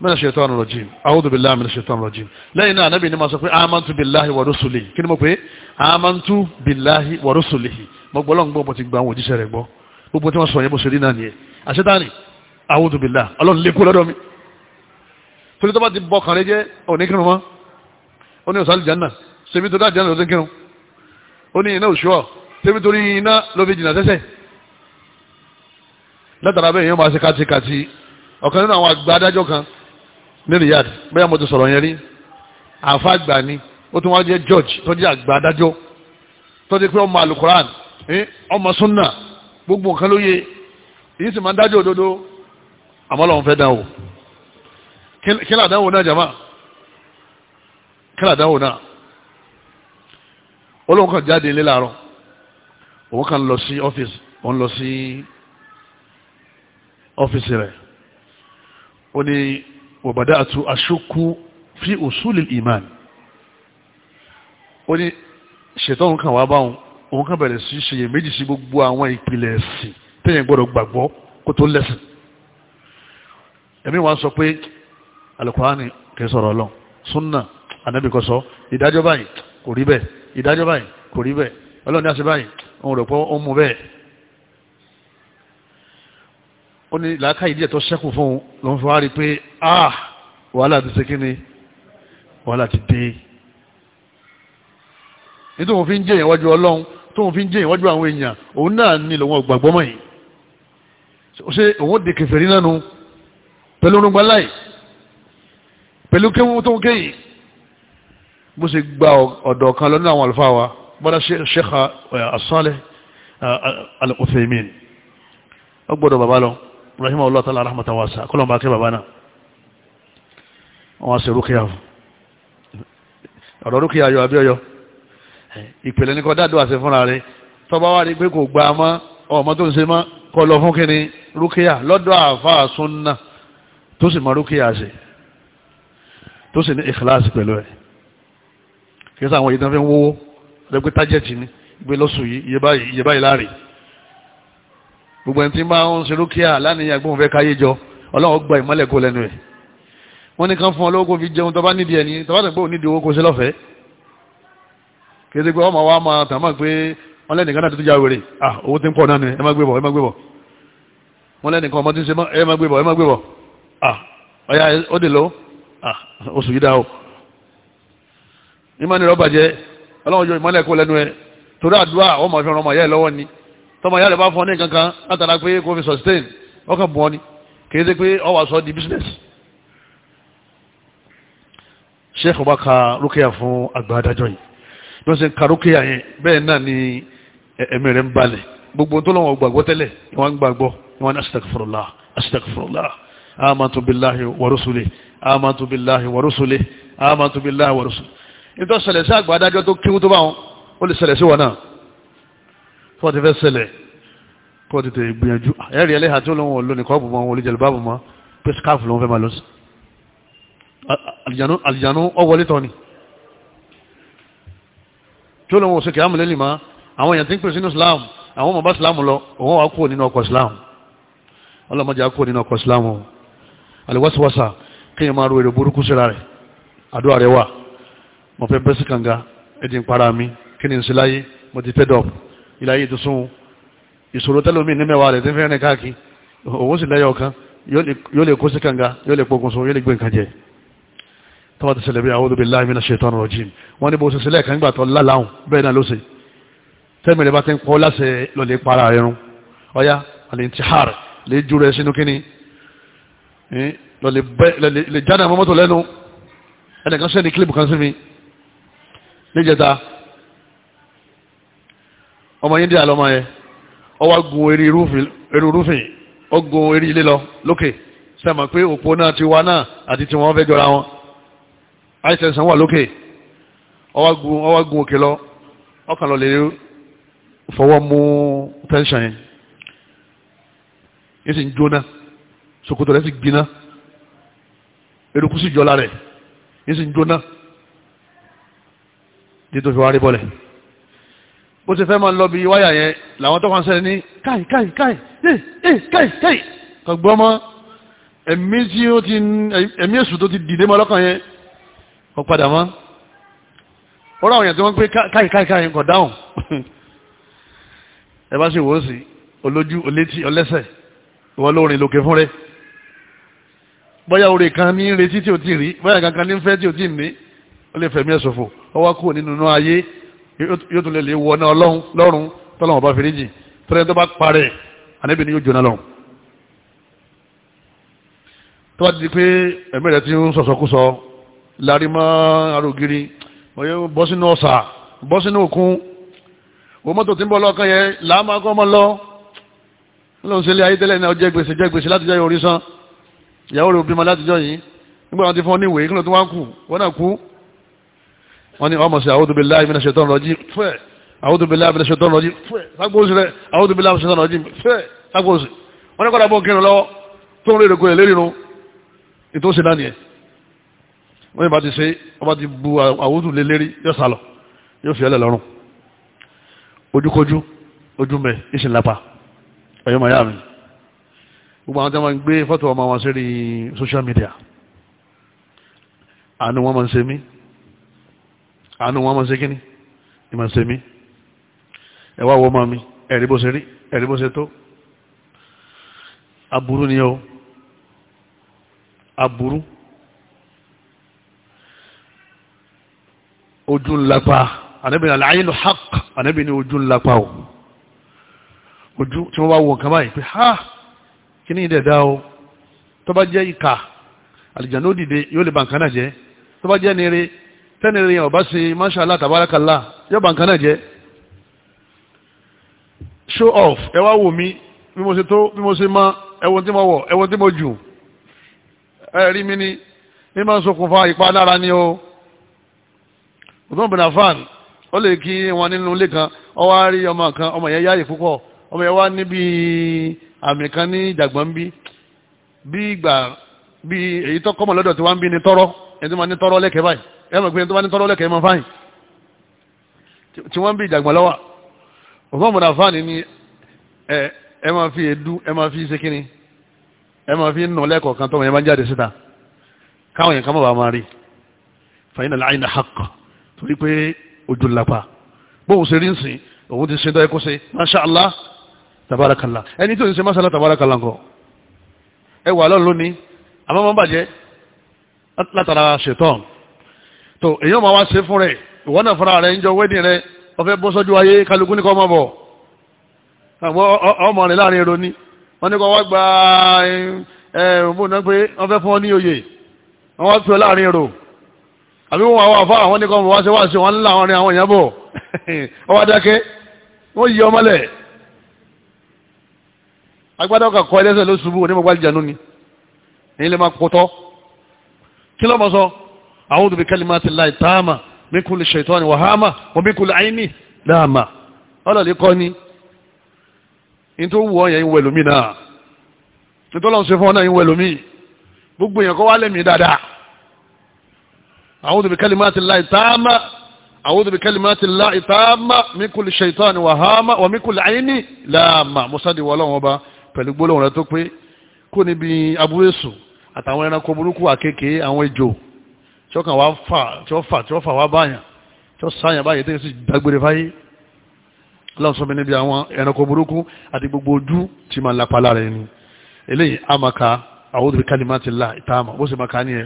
minash shaitanir rajim a'udhu billahi minash shaitanir rajim lẹ́yìn náà anábì ni máa sọ pé amantu billahi wa rusulihi kí ni mo pé amantu billahi wa rusulihi mo gbọ́ lọ́ngbọ́n mo ti gba àwọn òjíṣẹ́ rẹ̀ gbọ́ gbogbo tí wọ́n sọ yẹn bó ṣe rí náà nìyẹn àṣetáni a'udhu billahi ọlọ́run lè kú lọ́dọ̀ mi torí tó bá ti bọ kàrẹ́ jẹ́ oníkírun mọ́ ó ní ọ̀sán àlùjánnà ṣèmi tó dá àlùjánnà ló ti ó ní iná òṣùwọ̀ ṣèmi iná ló fi jìnnà látara bẹ́ẹ̀ yóò máa ṣe kátikáti ọ̀kan nínú àwọn àgbà adájọ́ kan ní Riyadh bẹ́ẹ̀ mo ti sọ̀rọ̀ yẹn rí àfa àgbà ni ó tún wá jẹ́ George tó jẹ́ àgbà adájọ́ tó ti pé ọmọ alukuran ọmọ sunna gbogbo nǹkan ló yẹ èyí sì máa ń dájọ́ òdodo àmọ́ lọ́wọ́n fẹ́ dánwò kí là dánwò náà jàmá kí là dánwò náà olóhùn kan jáde nílé làárọ̀ òun kan lọ sí ọ́fíìsì òun lọ sí ọ́fíìsì rẹ̀ ó ní wàbàdà àtú aṣókú fi usulil iman ó ní ṣètọ́hún kan wá báwọn òun kan bẹ̀rẹ̀ sí ṣe méjì sí gbogbo àwọn ìpìlẹ̀ ẹ̀sìn téèyàn gbọ́dọ̀ gbàgbọ́ kó tó lẹ́sìn ẹ̀mí wa sọ pé alukurani kì í sọ̀rọ̀ ọlọ́run sunna anabi kò sọ ìdájọ́ báyìí kò rí bẹ́ẹ̀ ìdájọ́ báyìí kò rí bẹ́ẹ̀ ọlọ́run àṣẹ báyìí òun rò pé ó mú bẹ́ẹ̀ ó ní làákà ìdí ẹ̀tọ́ ṣẹ́kù fún un ló ń fi wá rí pé ah wàhálà ti ṣe kíni wàhálà ti dé ní tóun fi ń jẹ́ ìwájú ọlọ́run tóun fi ń jẹ́ ìwájú àwọn èèyàn òun náà ní lòun ọgbàgbọ́ mọ̀ yìí ṣe òun di kẹfẹ́rí náà nu pẹ̀lú orúngbà láì pẹ̀lú kéwú tó ń kéyìí bó ṣe gba ọ̀dọ̀ kan lọ́nà àwọn àlùfáà wa bọ́dá ṣẹ́ka eh, asálẹ̀ eh, al-Uthaymin ọgbọ́dọ̀ bàbá lọ rahim allah ta'ala rahmatan wasa kọlọ̀ bá kí bàbá náà wọ́n ṣe rúkìá ọ̀rọ̀ rúkìá yọ abíọ́yọ ìpìlẹ̀ ní kọ́ dáadọ́ àti fúnra rẹ̀ tọ́ba wá rí pé kò gba mọ́ ọmọ tó ń ṣe mọ́ kọ́ lọ fún kíni rúkìá lọ́dọ̀ àfa sunna tó sì mọ rúkìá ṣe tó sì ní ìkìláàsì pẹ̀lú ẹ̀ kí sáwọn ìdánfẹ́ ń wówó lẹ́gbẹ́ ní gbé yìí iye báyìí láàrin gbogbo ẹni tí bá ń ṣe rúkìá lánìyàn gbóhùn fẹ́ káyé jọ ọlọ́run gba ìmọ́lẹ̀ kó lẹ́nu ẹ̀ wọ́n ní kan fún ọ lówó kó fi jẹun tọ́ba nídìí ẹni tọ́ba tẹ̀ pé òní ìdíwó kó ṣe lọ́fẹ̀ẹ́ kéde pé ọmọ wa máa tàn máa pé wọ́n lẹ́nìkan náà tó já ah owó ti ń pọ̀ náà ni ẹ má gbé bọ̀ ẹ má gbé bọ̀ wọ́n lẹ́nìkan ọmọ tí ń ṣe ẹ má gbé bọ̀ ẹ má gbé bọ̀ ah ọ̀yà ó dè lọ ah oṣù yìí dá o ìmọ̀ ni rọ́bà jẹ́ ọlọ́run yọ ìmọ́lẹ̀ kó lẹ́nu ẹ torí àdúrà ọmọ ìfẹ́ ọmọ ìyá ẹ lọ́wọ́ ni tọmọ ìyá rẹ̀ bá fún ọ ní kankan látara pé kò fi sustain ọkàn bù ọ ni kìí ṣe pé ọ wà sọ di business. sheikh ọba ka rúkìá fún àgbà adájọ́ yìí bí wọ́n ṣe ń ka rúkìá yẹn bẹ́ẹ̀ náà ni ẹ̀mí rẹ̀ ń balẹ̀ gbogbo tó lọ́wọ́ gbàgbọ́ tẹ́lẹ̀ ni wọ́n ń gbàgbọ́ ni wọ́n ní astagfirullah astagfirullah amantu billahi wa rusuli amantu billahi wa billahi wa rusuli nítorí ṣẹlẹ̀ sí àgbà adájọ́ tó kíwú tó bá wọn ó lè ṣẹlẹ̀ sí wọn náà tó bá ti fẹ́ ṣẹlẹ̀ kó o tètè gbìyànjú ẹ̀rí ẹlẹ́hà tí ó lóun ò lónìí kọ́ọ̀bù mọ́ òun olùjẹ̀lú báàbù mọ́ pé skáàfù lòun fẹ́ máa lọ sí àlìjànú ọwọlé tọ́ ni tí ó lóun ò sèkè àmúlẹ́lì mọ́ àwọn èèyàn tí ń pè sínú Islam àwọn ọmọ bá Islam lọ òun wà kúrò nínú ọkọ̀ Islam ọlọ́mọdé àkúrò nínú ọkọ̀ Islam àlìwáṣíwáṣà kéèyàn máa ro èrò burúkú síra rẹ̀ àdúrà rẹ̀ wà mo fẹ́ bẹ́sí kànga ẹ̀dín kí ni ń ṣe láyé mo ti fẹ́ dọ̀pù ìlàyé ti sún ìṣòro tẹ́lómi ní mẹ́wàá rẹ̀ tí fẹ́ràn káàkiri òun sì lẹ́yọ̀ kan yóò lè kó sí kànga yóò lè pogun sun yóò lè gbé nǹkan jẹ tọ́wọ́ ti sẹlẹ̀ bí a'udhu billahi minash shaitani rajim wọ́n ní bó ṣe sílẹ̀ kan gbà tọ́ láláhùn bẹ́ẹ̀ náà ló ṣe tẹ́mi rẹ̀ bá ti ń pọ́ láṣẹ lọ́lẹ̀ para irun ọ̀yá al-intihar lè ju rẹ̀ sínú kínní lọ́lẹ̀ jáde àwọn mọ́tò lẹ́nu ẹnìkan sẹ́ni kílípù kan sí mi níjẹta ọmọ yín díà lọ́mọ yẹn ó wá gun eré rúfin ó gun eré ilé lọ lókè sẹ́mọ̀ pé òpó náà ti wá náà àti tí wọ́n fẹ́ jọra wọn àìsàn wà lókè ó wá gun ó wá gun òkè lọ ọkàn lọ lè fọwọ́ mú tẹ́ńsàn yẹn yẹn sì ń jóná ṣòkòtò rẹ̀ sì gbiná eruku sì jọla yẹn sì ń jóná dídò fi wá rí bọ́lẹ̀ bó ṣe fẹ́ máa lọ bí wáyà yẹn làwọn tó kàn sẹ́ni ní káì káì káì káì káì ọgbọ́n mọ́ ẹ̀mí tí ó ti ẹ̀mí èṣù tó ti dìde mọ́ lọ́kàn yẹn kò padà mọ́ ó rà òyìn tí wọ́n pé káì káì káì kò dáhùn [LAUGHS] ẹ bá sì wò ó sí olójú olétí ọlẹ́sẹ̀ ìwọ́n lórin lókè fún rẹ bóyá orí kan ní retí tí ò tí rí bóyá kankan ní fẹ́ tí ò tí ní ó lè fẹ̀mí ẹ̀ṣọ̀fò yóò tún lè lè wọ náà lọ́rùn tọ́lọ́wọ́n bá fèrè jì tọ́lọ́wọ́n tó bá parẹ́ ànábì ni yóò jóná lọ́rùn. tó bá ti di pé ẹ̀mí rẹ̀ ti ń sọ̀sọ̀kúsọ lárí mọ́ arógiri bọ́ sínú ọ̀sà bọ́ sínú òkun wọ́n mọ́tò tí ń bọ́ lọ́kàn yẹn làámà kọ́ mọ́ lọ lóun ṣe lé ayé tẹ́lẹ̀ náà jẹ́ gbèsè jẹ́ gbèsè láti jẹ́ orí san ìyàwó rẹ̀ òbí wọ́n ní ọmọ sí àwọ́dúbìláì mìíràn ṣetán rọjí fẹ́ àwọ́dúbìláì mìíràn ṣetán rọjí fẹ́ sagbóòsì rẹ̀ àwọ́dúbìláì mìíràn ṣetán rọjí fẹ́ sagbóòsì wọ́n ní kọ́dà bọ́ kírun lọ́wọ́ tó ń rí ìrẹ́kọ̀ọ́ lérí nu ìtòsí náà nìyẹn wọ́n yìí bá ti ṣe ọba ti bu àwùjù lé lérí yóò sálọ yóò fi ẹlẹ̀ lọ́rùn ojúkojú ojúmẹ̀ ìṣìnlápa ń ṣe mí àánú wọn máa ṣe kíní ni máa ṣe mí ẹ wọ ọmọ mi ẹ̀rí bó ṣe rí ẹ̀rí bó ṣe tó aburú ni o aburú ojú ńlapa ànábì ní al-aynu haqq ànábì ní ojú ńlapa o ojú tí wọ́n bá wọ̀ nǹkan báyìí pé ha kí ní ìdẹ̀dá o tó bá jẹ́ ìka àlìjànú dìde yóò lè ba nǹkan náà jẹ́ tó bá jẹ́ nire tẹ́ni rìn ọ̀bá sí mashallah tabarakallah yọba nǹkan náà jẹ́ show off ẹ wá wò mí bí mo ṣe tó bí mo ṣe má ẹwọ tí mo wọ̀ ẹwọ tí mo jù ẹ mi ní ní máa ń ṣokùnfà ìpalára ni o ọdún ọ̀bìnrin afán ó lè kí wọn nínú ilé kan ọ wá rí ọmọ kan ọmọ yẹn yáyè púpọ̀ ọmọ yẹn wá níbi àmì kan ní ìjàgbọ́n bí bí ìgbà bí èyí tó kọ́mọ̀ lọ́dọ̀ tí wọ́n ń bí ní tọ́rọ́ ẹni tí wọ́n ní tọ́rọ́ lẹ́kẹ̀ẹ́ báyìí ẹ mọ̀ pé tó bá ní tọ́lọ́ lẹ́kẹ̀ẹ́ mọ́ fáyìn tí wọ́n ń bí ìjàgbọ́n lọ́wọ́ ògbọ́n mọ̀dà fáàní ni ẹ máa fi èédú ẹ máa fi ṣe kíni ẹ máa fi nù lẹ́kọ̀ọ́ kan tọ́mọ yẹn máa ń jáde síta káwọn yẹn ká mọ̀ bá máa rí fàyínà láàyìn náà torí pé ojú lápá bóun ṣe rí ń sìn òun ti ṣe dọ́ẹ́kọ́ ṣe masha látara ṣètọ́n tó èyàn máa wá ṣe fún rẹ̀ ìwọ náà fúnra rẹ̀ ń jọ wẹ́dìn rẹ̀ ọfẹ́ bó sọ́jú ayé kálukú ní kọ́ mọ́ bọ̀ ọmọ rẹ̀ láàrin èrò ni wọ́n ní kọ́ wá gba ẹ̀ẹ́dùnmọ́ náà pé wọ́n fẹ́ fún ọ ní oyè wọ́n wá fi ọ láàrin èrò àbí wọ́n wá fún àwọn ní kọ́ wá ṣe wá ṣe wọ́n ńlá àwọn èèyàn bọ̀ ọwọ́ [LAUGHS] dákẹ́ wọ́n yí ọmọlẹ̀ agbádá ọkà kọ ẹlẹ́sẹ̀ ló ṣubú onímọ̀gbálìjà nú ni èyí lè máa pọ̀tọ́ kí lọ́mọ sọ a'udhu bi kalimati llahi taama min kulli shaytani wa hama wa min kulli ayni laama ọlọ́lẹ̀ kọ́ ni in tó wù ọ́ yẹn ń wẹ̀ lómi náà títọ́lọ́ ń ṣe fún ọ náà ń wẹ̀ lómi gbogbo èèyàn kọ́ wá lẹ́mìí dáadáa a'udhu bi kalimati llahi taama a'udhu bi kalimati llahi taama min kulli shaytani wa hama wa min kulli ayni laama musadi wọlọ́wọ́n ọba pẹ̀lú gbólóhùn rẹ tó pé kó níbi abúrésù àtàwọn ẹranko burúkú àkekèé àwọn ejò tí ó kàn wá fà tí ó fà tí ó fà wá báyàn tí ó sáyàn báyìí tí ó sì dágbére fáyé ọlọ́run níbi àwọn ẹranko burúkú àti gbogbo ojú tí máa lapa lára ẹni eléyìí amaka a'udhu bi kalimatillah ìtaàmà bó sì máa ka ní ẹ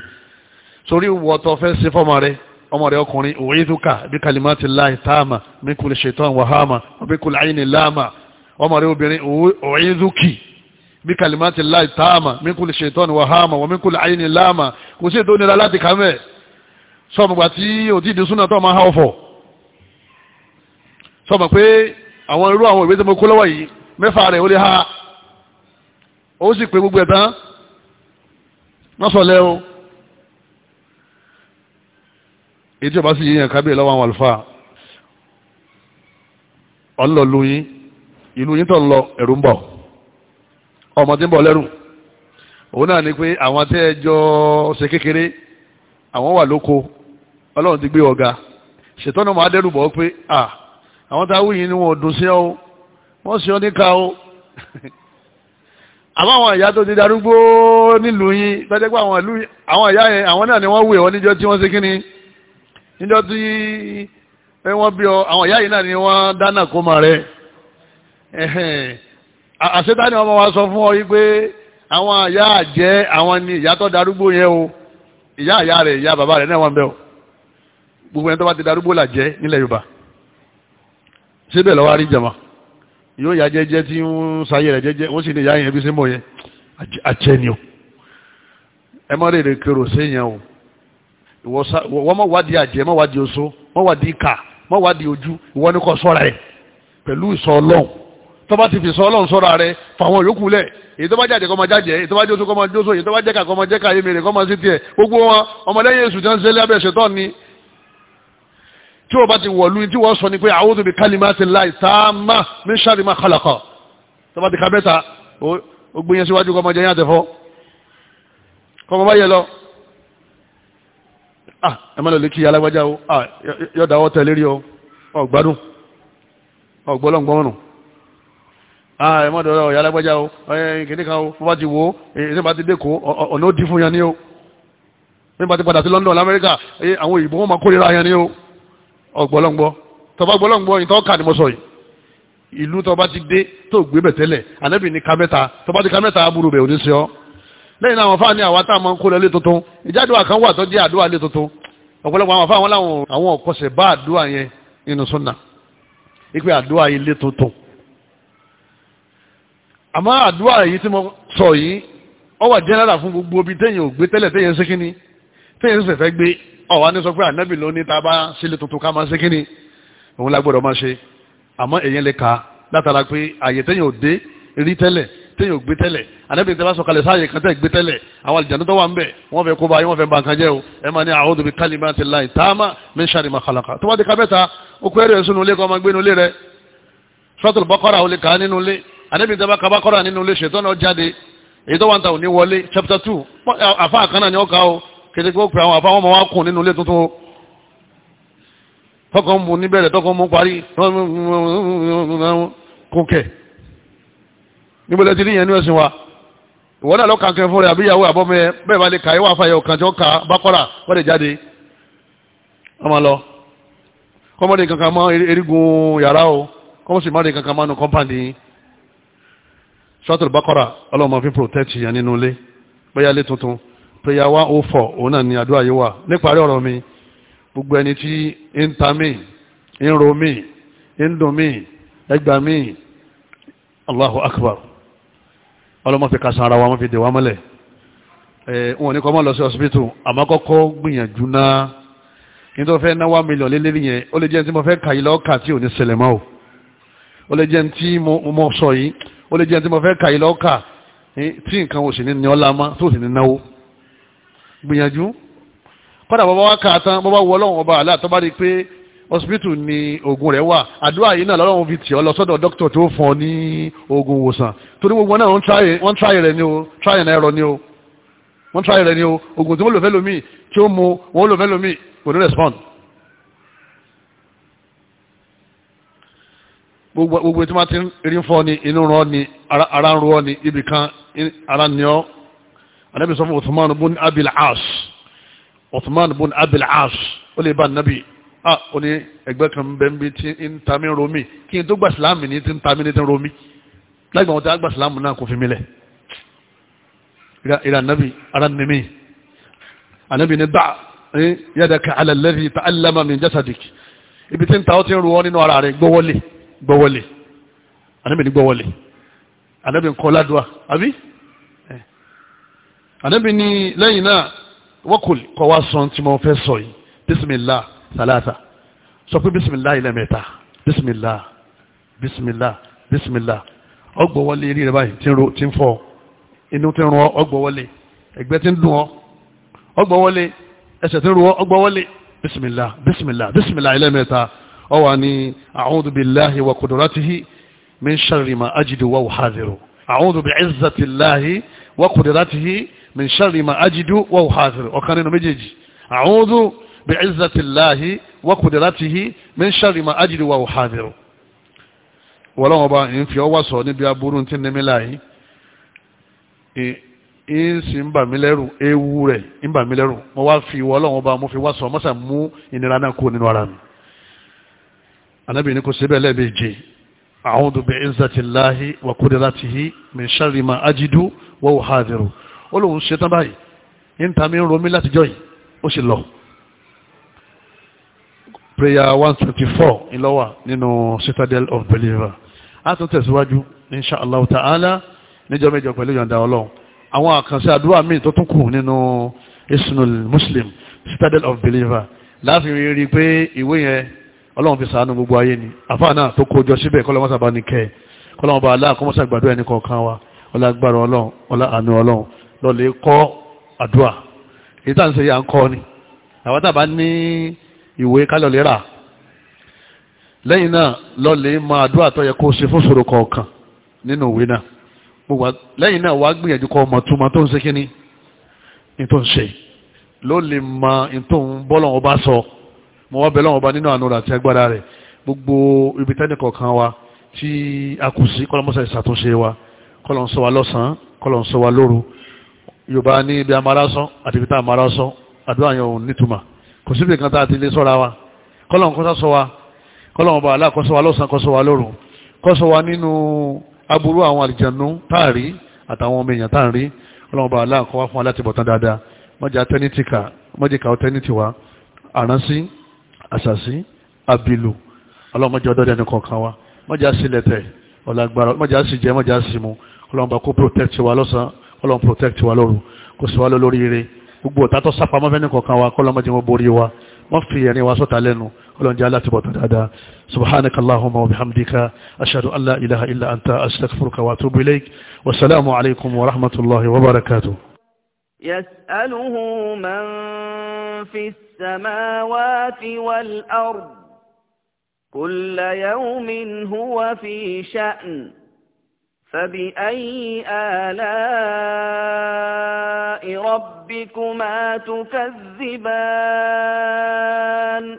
sórí wọ́tọ̀ fẹ́ ṣe fọ́mọ rẹ ọmọ rẹ ọkùnrin u'idhuka bi kalimatillah ìtaàmà min kulli shaitan wahama wa min kulli aynin lama ọmọ rẹ obìnrin u'idhuki bí kalimatillah ìtaàmà min kulli shaitan wahama wa min kulli aynin lama kò sí ètò ìnira láti kàmẹ́ẹ̀ sọmọgbà tí o ti di súnà tó máa ha ọ̀fọ̀ sọmọ pé àwọn irú àwọn ìwé tó mo kó lọ́wọ́ yìí mẹ́fà rẹ̀ ó lè ha ó sì pé gbogbo ẹ̀ tán mọ́sọ̀lẹ́ o ètò ìbá sì yíyan kábíyè lọ́wọ́ àwọn àlùfáà ọlọ́lu yín ìlú yín tó ń lọ ẹ̀rù ń bọ̀ ọmọ ń bọ̀ lẹ́rù òun náà ni pé àwọn tẹ́ ẹ jọ ṣe kékeré àwọn wà lóko ọlọ́run ti gbé ọ̀gá ṣètọ́nà máa dẹ́rù bọ̀ pé à àwọn tá a wúyìn ni wọn ò dùn sí ọ wọ́n sì ọ níka o [LAUGHS] àmọ́ àwọn ìyá tó ti darúgbó nílùú yín tọ́jú pé àwọn ìlú àwọn ìyá yẹn àwọn náà ni wọ́n wé ọ níjọ́ tí wọ́n ṣe kí ni níjọ́ tí wọ́n bí ọ àwọn ìyá yìí náà ni wọ́n dáná kó máa rẹ àṣetá ni wọ́n máa wá sọ fún ọ yí pé àwọn ìyá àjẹ́ àwọn ni ìyá tó darúgbó yẹn o. ìyá àyá rẹ̀ ìyá bàbá rẹ̀ náà wọ́n bẹ́ o gbogbo ẹni tó bá ti darúgbó là jẹ́ nílẹ̀ Yorùbá síbẹ̀ lọ́wọ́ rí jama yóò yá jẹ́jẹ́ tí ń sáyé rẹ̀ jẹ́jẹ́ ó sì ní ìyá yẹn bí símọ̀ yẹn àjẹ́ ni o ẹ mọ́ kérò séèyàn o wọ́n mọ̀ wádìí àjẹ́ wádìí oṣó wádìí wádìí ojú sọ́ra ẹ̀ pẹ̀lú ìsọ tọ́ba ti fi sọ ọlọ́run sọ́ra rẹ fàwọn yòókù lẹ̀ èyí tọ́ba jáde kọ́ ma jáde èyí tọ́ba jóso kọ́ ma jóso èyí tọ́ba jẹ́ka kọ́ ma jẹ́ka èyí mèrè kọ́ ma sí tiẹ̀ gbogbo wọn ọmọlẹ́yìn èṣù tí wọ́n ń sẹ́lẹ̀ abẹ́ ṣètọ́ ni tí wọ́n bá ti wọ̀lú tí wọ́n sọ ni pé a'udhu bi kalimati llahi tamma min sharri ma khalaqa tọ́ba ti ka bẹ́ta ó gbé yẹn síwájú kọ́ ma jẹ́ yẹn ah ẹ má lọ lè ah yọ̀dà ọ̀ tẹ̀lé rí o ọ̀ gbádùn Ah, ẹmọ́dọ̀rọ̀ ọ̀yà alágbájá o kìnníkan o fún bá ti wo ẹ̀sìn bá ti dẹ́kọ̀ ọ̀nà ó fún yẹn ni o bí bá ti padà sí London Amẹ́ríkà àwọn òyìnbó wọn máa kórìíra yẹn ni o ọ̀gbọ́lọ́ngbọ́ tọba gbọ́lọ́ngbọ́ yìí tọ́ kà ní mo sọ yìí ìlú tọba ti dé tó gbé bẹ̀ tẹ́lẹ̀ ànábì ní kamẹ́ta tọba ti kamẹ́ta aburú bẹ̀ òní sọ lẹ́yìn àwọn afáàní àwa tá a máa ń kó lọlé tuntun ìjádùá kan wà tó jẹ́ àdúrà lé tuntun ọ̀pọ̀lọpọ̀ àwọn afáàwọn làwọn àwọn bá àdúrà yẹn nínú súnà ìpè àdúrà ilé tuntun àmọ́ àdúrà yìí tí mo sọ yìí ọ wà jẹ́nẹ́rà fún gbogbo obi téèyàn ò gbé tẹ́lẹ̀ téèyàn ṣe kíni téèyàn sì fẹ́ gbé ọ̀wá ní sọ pé ànábì ló ní ta bá sílé tuntun ká máa ṣe kíni òun lágbọ́dọ̀ máa ṣe àmọ́ èèyàn lè kà á látara pé àyè téèyàn ò rí tẹ́lẹ̀ téèyàn ò tẹ́lẹ̀ ànábì tẹ́ bá sọ kalẹ̀ sáàyè kan tẹ́ gbé tẹ́lẹ̀ àwọn àlìjàndó wà ń wọ́n fẹ́ kó bá wọ́n fẹ́ bi kalimatillahi taama min sharri ma khalaqa tó bá ti ka bẹ́ẹ̀ ta ó kó ẹrù ẹ̀ sínú ilé kan máa àdébí ìjọba kaba kọ́ra nínú ilé ṣètò jáde èyí tó wà ń òní wọlé chapter two àfa àkànnà ni ó ka o kété kó pe àwọn àfa wọn máa wá kùn nínú ilé tuntun o mú níbẹ̀rẹ̀ tọkàn mú parí kókè níbo lẹ́tí níyẹn ní ẹ̀sìn wa ìwọ́n náà lọ kàn rẹ̀ àbíyàwó àbọ́mẹ́ bẹ́ẹ̀ bá lè kà ìwà àfàyẹ̀ ọ̀kan tí ó kà bákọ́là wọ́n lè jáde ọmọ lọ kọ́mọdé kankan mọ́ erigun yàrá o kọ́mọ sì mọ́dé kankan mọ́ nu kọ́mpáǹdì sọ́tò bákọ́rà ọlọ́mọ fi protect yẹn nínú ilé bóyá ilé tuntun prayer one oh four òun náà ni àdúrà yìí wà níparí ọ̀rọ̀ mi gbogbo ẹni tí ń ta mí ń ro mí ń dùn mí ẹgbàá mí Allahu Akbar ọlọ́mọ fi kàṣà ara wa wọ́n fi dè wá mọ́lẹ̀ wọn ò ní kọ́ mọ́ lọ sí hospital àmọ́ kọ́kọ́ gbìyànjú náà nítorí wọ́n fẹ́ ná one lé lé yẹn ó lè jẹ́ ẹni tí mo fẹ́ kà lọ́ọ́ kà tí ò ní ṣẹlẹ̀ mọ́ o ó lè jẹ́ tí mo sọ yìí ó lè jẹ́ tí mo fẹ́ kà yìí lọ́ọ̀kà tí nǹkan oṣù ní ní ọlá má tó sì ní náwó gbìyànjú kọ́dà bàbá wa kà tán wọ ọlọ́run ọba àlá tó rí i pé hospital ni oògùn rẹ̀ wà àdúrà yìí náà lọ́rùn fi tì ọ́ lọ sọ́dọ̀ dókítà tó fún ọ ní oògùn ìwòsàn torí gbogbo náà wọ́n tráyè rẹ̀ ni o tráyè náà ẹ̀rọ ni o wọ́n tráyè rẹ̀ ni o oògùn tí wọ́n lò fẹ́ lómi tí ó mu wọ́n lò fẹ́ lómi kò ní respond gbogbo tí wọ́n ti rí fọ́ ni inú rán ni ara ń rọ́ ni ibì kan ara ni ọ́ anábì sọ fún Uthman bun Abil As Uthman bun Abil As ó lè bá nàbì ah ó ní ẹgbẹ́ kan bẹ́ẹ̀ bí ti ń ta mí romi kí n tó gbà sílámù ní ti ń ta mí ní ti ń romi láì gbà wọ́n ti á gbà sílámù náà kò fi mi lẹ̀ ìrà nàbì ara ni mí anábì ni dá yadaka ala alladhi ta'allama min jasadik ibi tí ń ta ó ti ń ru nínú ara rẹ̀ gbówọ́lé gbọ́wọ́lẹ̀ anábì ní gbọ́wọ́lẹ̀ anábì ń kọ́ ládùá àbí anábì ní lẹ́yìn náà wọ́kùl kọ́ wá sọ tí mo fẹ́ sọ yìí bísímìlá sàlátà sọ pé bísímìlá ilẹ̀ mẹ́ta bísímìlá bísímìlá bísímìlá ọgbọ̀wọ́lẹ̀ eré rẹ̀ báyìí tí ń fọ́ inú tí ń rún ọgbọ̀wọ́lẹ̀ ẹ̀gbẹ́ tí ń dùn ọ ọgbọ̀wọ́lẹ̀ ẹsẹ̀ tí ń rún ọgbọ̀wọ́lẹ̀ bísímìlá bísímìlá bísímìlá ilẹ̀ mẹ́ta ọ wà ní a'udhu billahi wa qudratihi min sharri ma ajidu wa uhadhiru a'udhu bi'izzati llahi wa qudratihi min sharri ma ajidu wa uhadhiru ọ̀kan nínú méjèèjì a'udhu bi'izzati llahi wa qudratihi min sharri ma ajidu wa uhadhiru wọ́lọ́wọ́ bá ń fi ọwọ́ sọ níbi aburú tí ní mílá yìí ń sì ń bà mí lẹ́rù ewu rẹ̀ ń bà mí lẹ́rù mo wá fi wọ́lọ́wọ́ mo fi wá sọ mọ́sà mú ìnira náà kú nínú ara mi anábì ní kò síbẹ̀ lẹ́ẹ̀mejì a'udhu bi'izzatillahi wa qudratihi min sharri ma ajidu wa uhadhiru ó lóun ṣe tán báyìí ní ta mi ń romí látijọ́ yìí ó sì lọ prayer one twenty four ìlọ́wà nínú citadel of believer a tún tẹ̀síwájú insha allah ta'ala níjọ́ mẹ́jọ pẹ̀lú yọ̀ǹda ọlọ́run àwọn àkànṣe àdúrà míì tó tún kù nínú isnul muslim citadel of believer láàfin rí i pé ìwé ọlọ́run fi sàánú gbogbo ayé ni àfáà náà tó kójọ síbẹ̀ kọ́lọ́wọ́n sábà ní kẹ́ kọ́lọ́wọ́n bá aláàkọ́mọ́sà gbàdúrà ẹni kọ̀ọ̀kan wa ọlágbára ọlọ́run ọlá àánú ọlọ́run lọ́lẹ̀ kọ́ àdúrà èyí tá à ń ṣe yà ń kọ́ ni àwọn tàbá ní ìwé kálọ̀lẹ́ rà lẹ́yìn náà lọ́lẹ̀ máa àdúrà tó yẹ kó ló lè mọ ní ń bọ́lọ̀ ọba sọ mo wá bẹ̀lọ́wọ́ bá nínú àánú àti agbára rẹ̀ gbogbo ibi tẹ́nì kọ̀ọ̀kan wa tí a kù sí kọ́lọ́mọ́sá ìṣàtúnṣe wa kọ́lọ́n sọ wa lọ́sàn-án kọ́lọ́n wa lóru yorùbá ní ibi amárásán àti ibi tá amárásán àdúrà yẹn ò nítumà kò síbi kan tá a ti lè sọ́ra wa kọ́lọ́n kọ́sá sọ wa kọ́lọ́n ọba wa lọ́sàn kọ́sọ wa wa nínú aburú àwọn àlìjànú táàrí àtàwọn ọmọ èèyàn táàrí kọ́lọ́n ọba àlá kọ́ wa fún wa láti bọ̀tán dáadáa mọ́jà tẹ́nítì ká mọ́jà ká tẹ́nítì àránsí àṣàṣí àbìlù ọlọ́mọdé ọdọ́dẹ ẹni kọ̀ọ̀kan wa mọ́jà sí lẹ́tẹ̀ ọ̀làgbára mọ́jà sí jẹ́ mọ́jà sí mu ọlọ́mọba kó protect wa lọ́sàn ọlọ́mọ protect wa lóru kó sì wá lọ lórí ire gbogbo ọ̀tá tó sápamọ́ fẹ́ni kọ̀ọ̀kan wa kọ́lọ́mọdé wọn borí wa wọ́n fi ẹ̀rin wa sọ́ta lẹ́nu ọlọ́njẹ́ alátìbọ̀tà dáadáa subhanaka allahumma wa bihamdika ashhadu an ilaha illa anta astaghfiruka wa atubu ilayk wa alaykum wa rahmatullahi wa barakatuh يسأله من في السماوات والأرض كل يوم هو في شأن فبأي آلاء ربكما تكذبان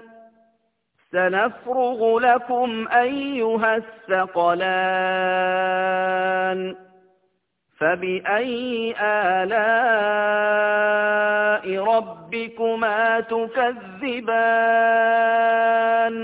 سنفرغ لكم أيها الثقلان فبأي آلاء ربكما تكذبان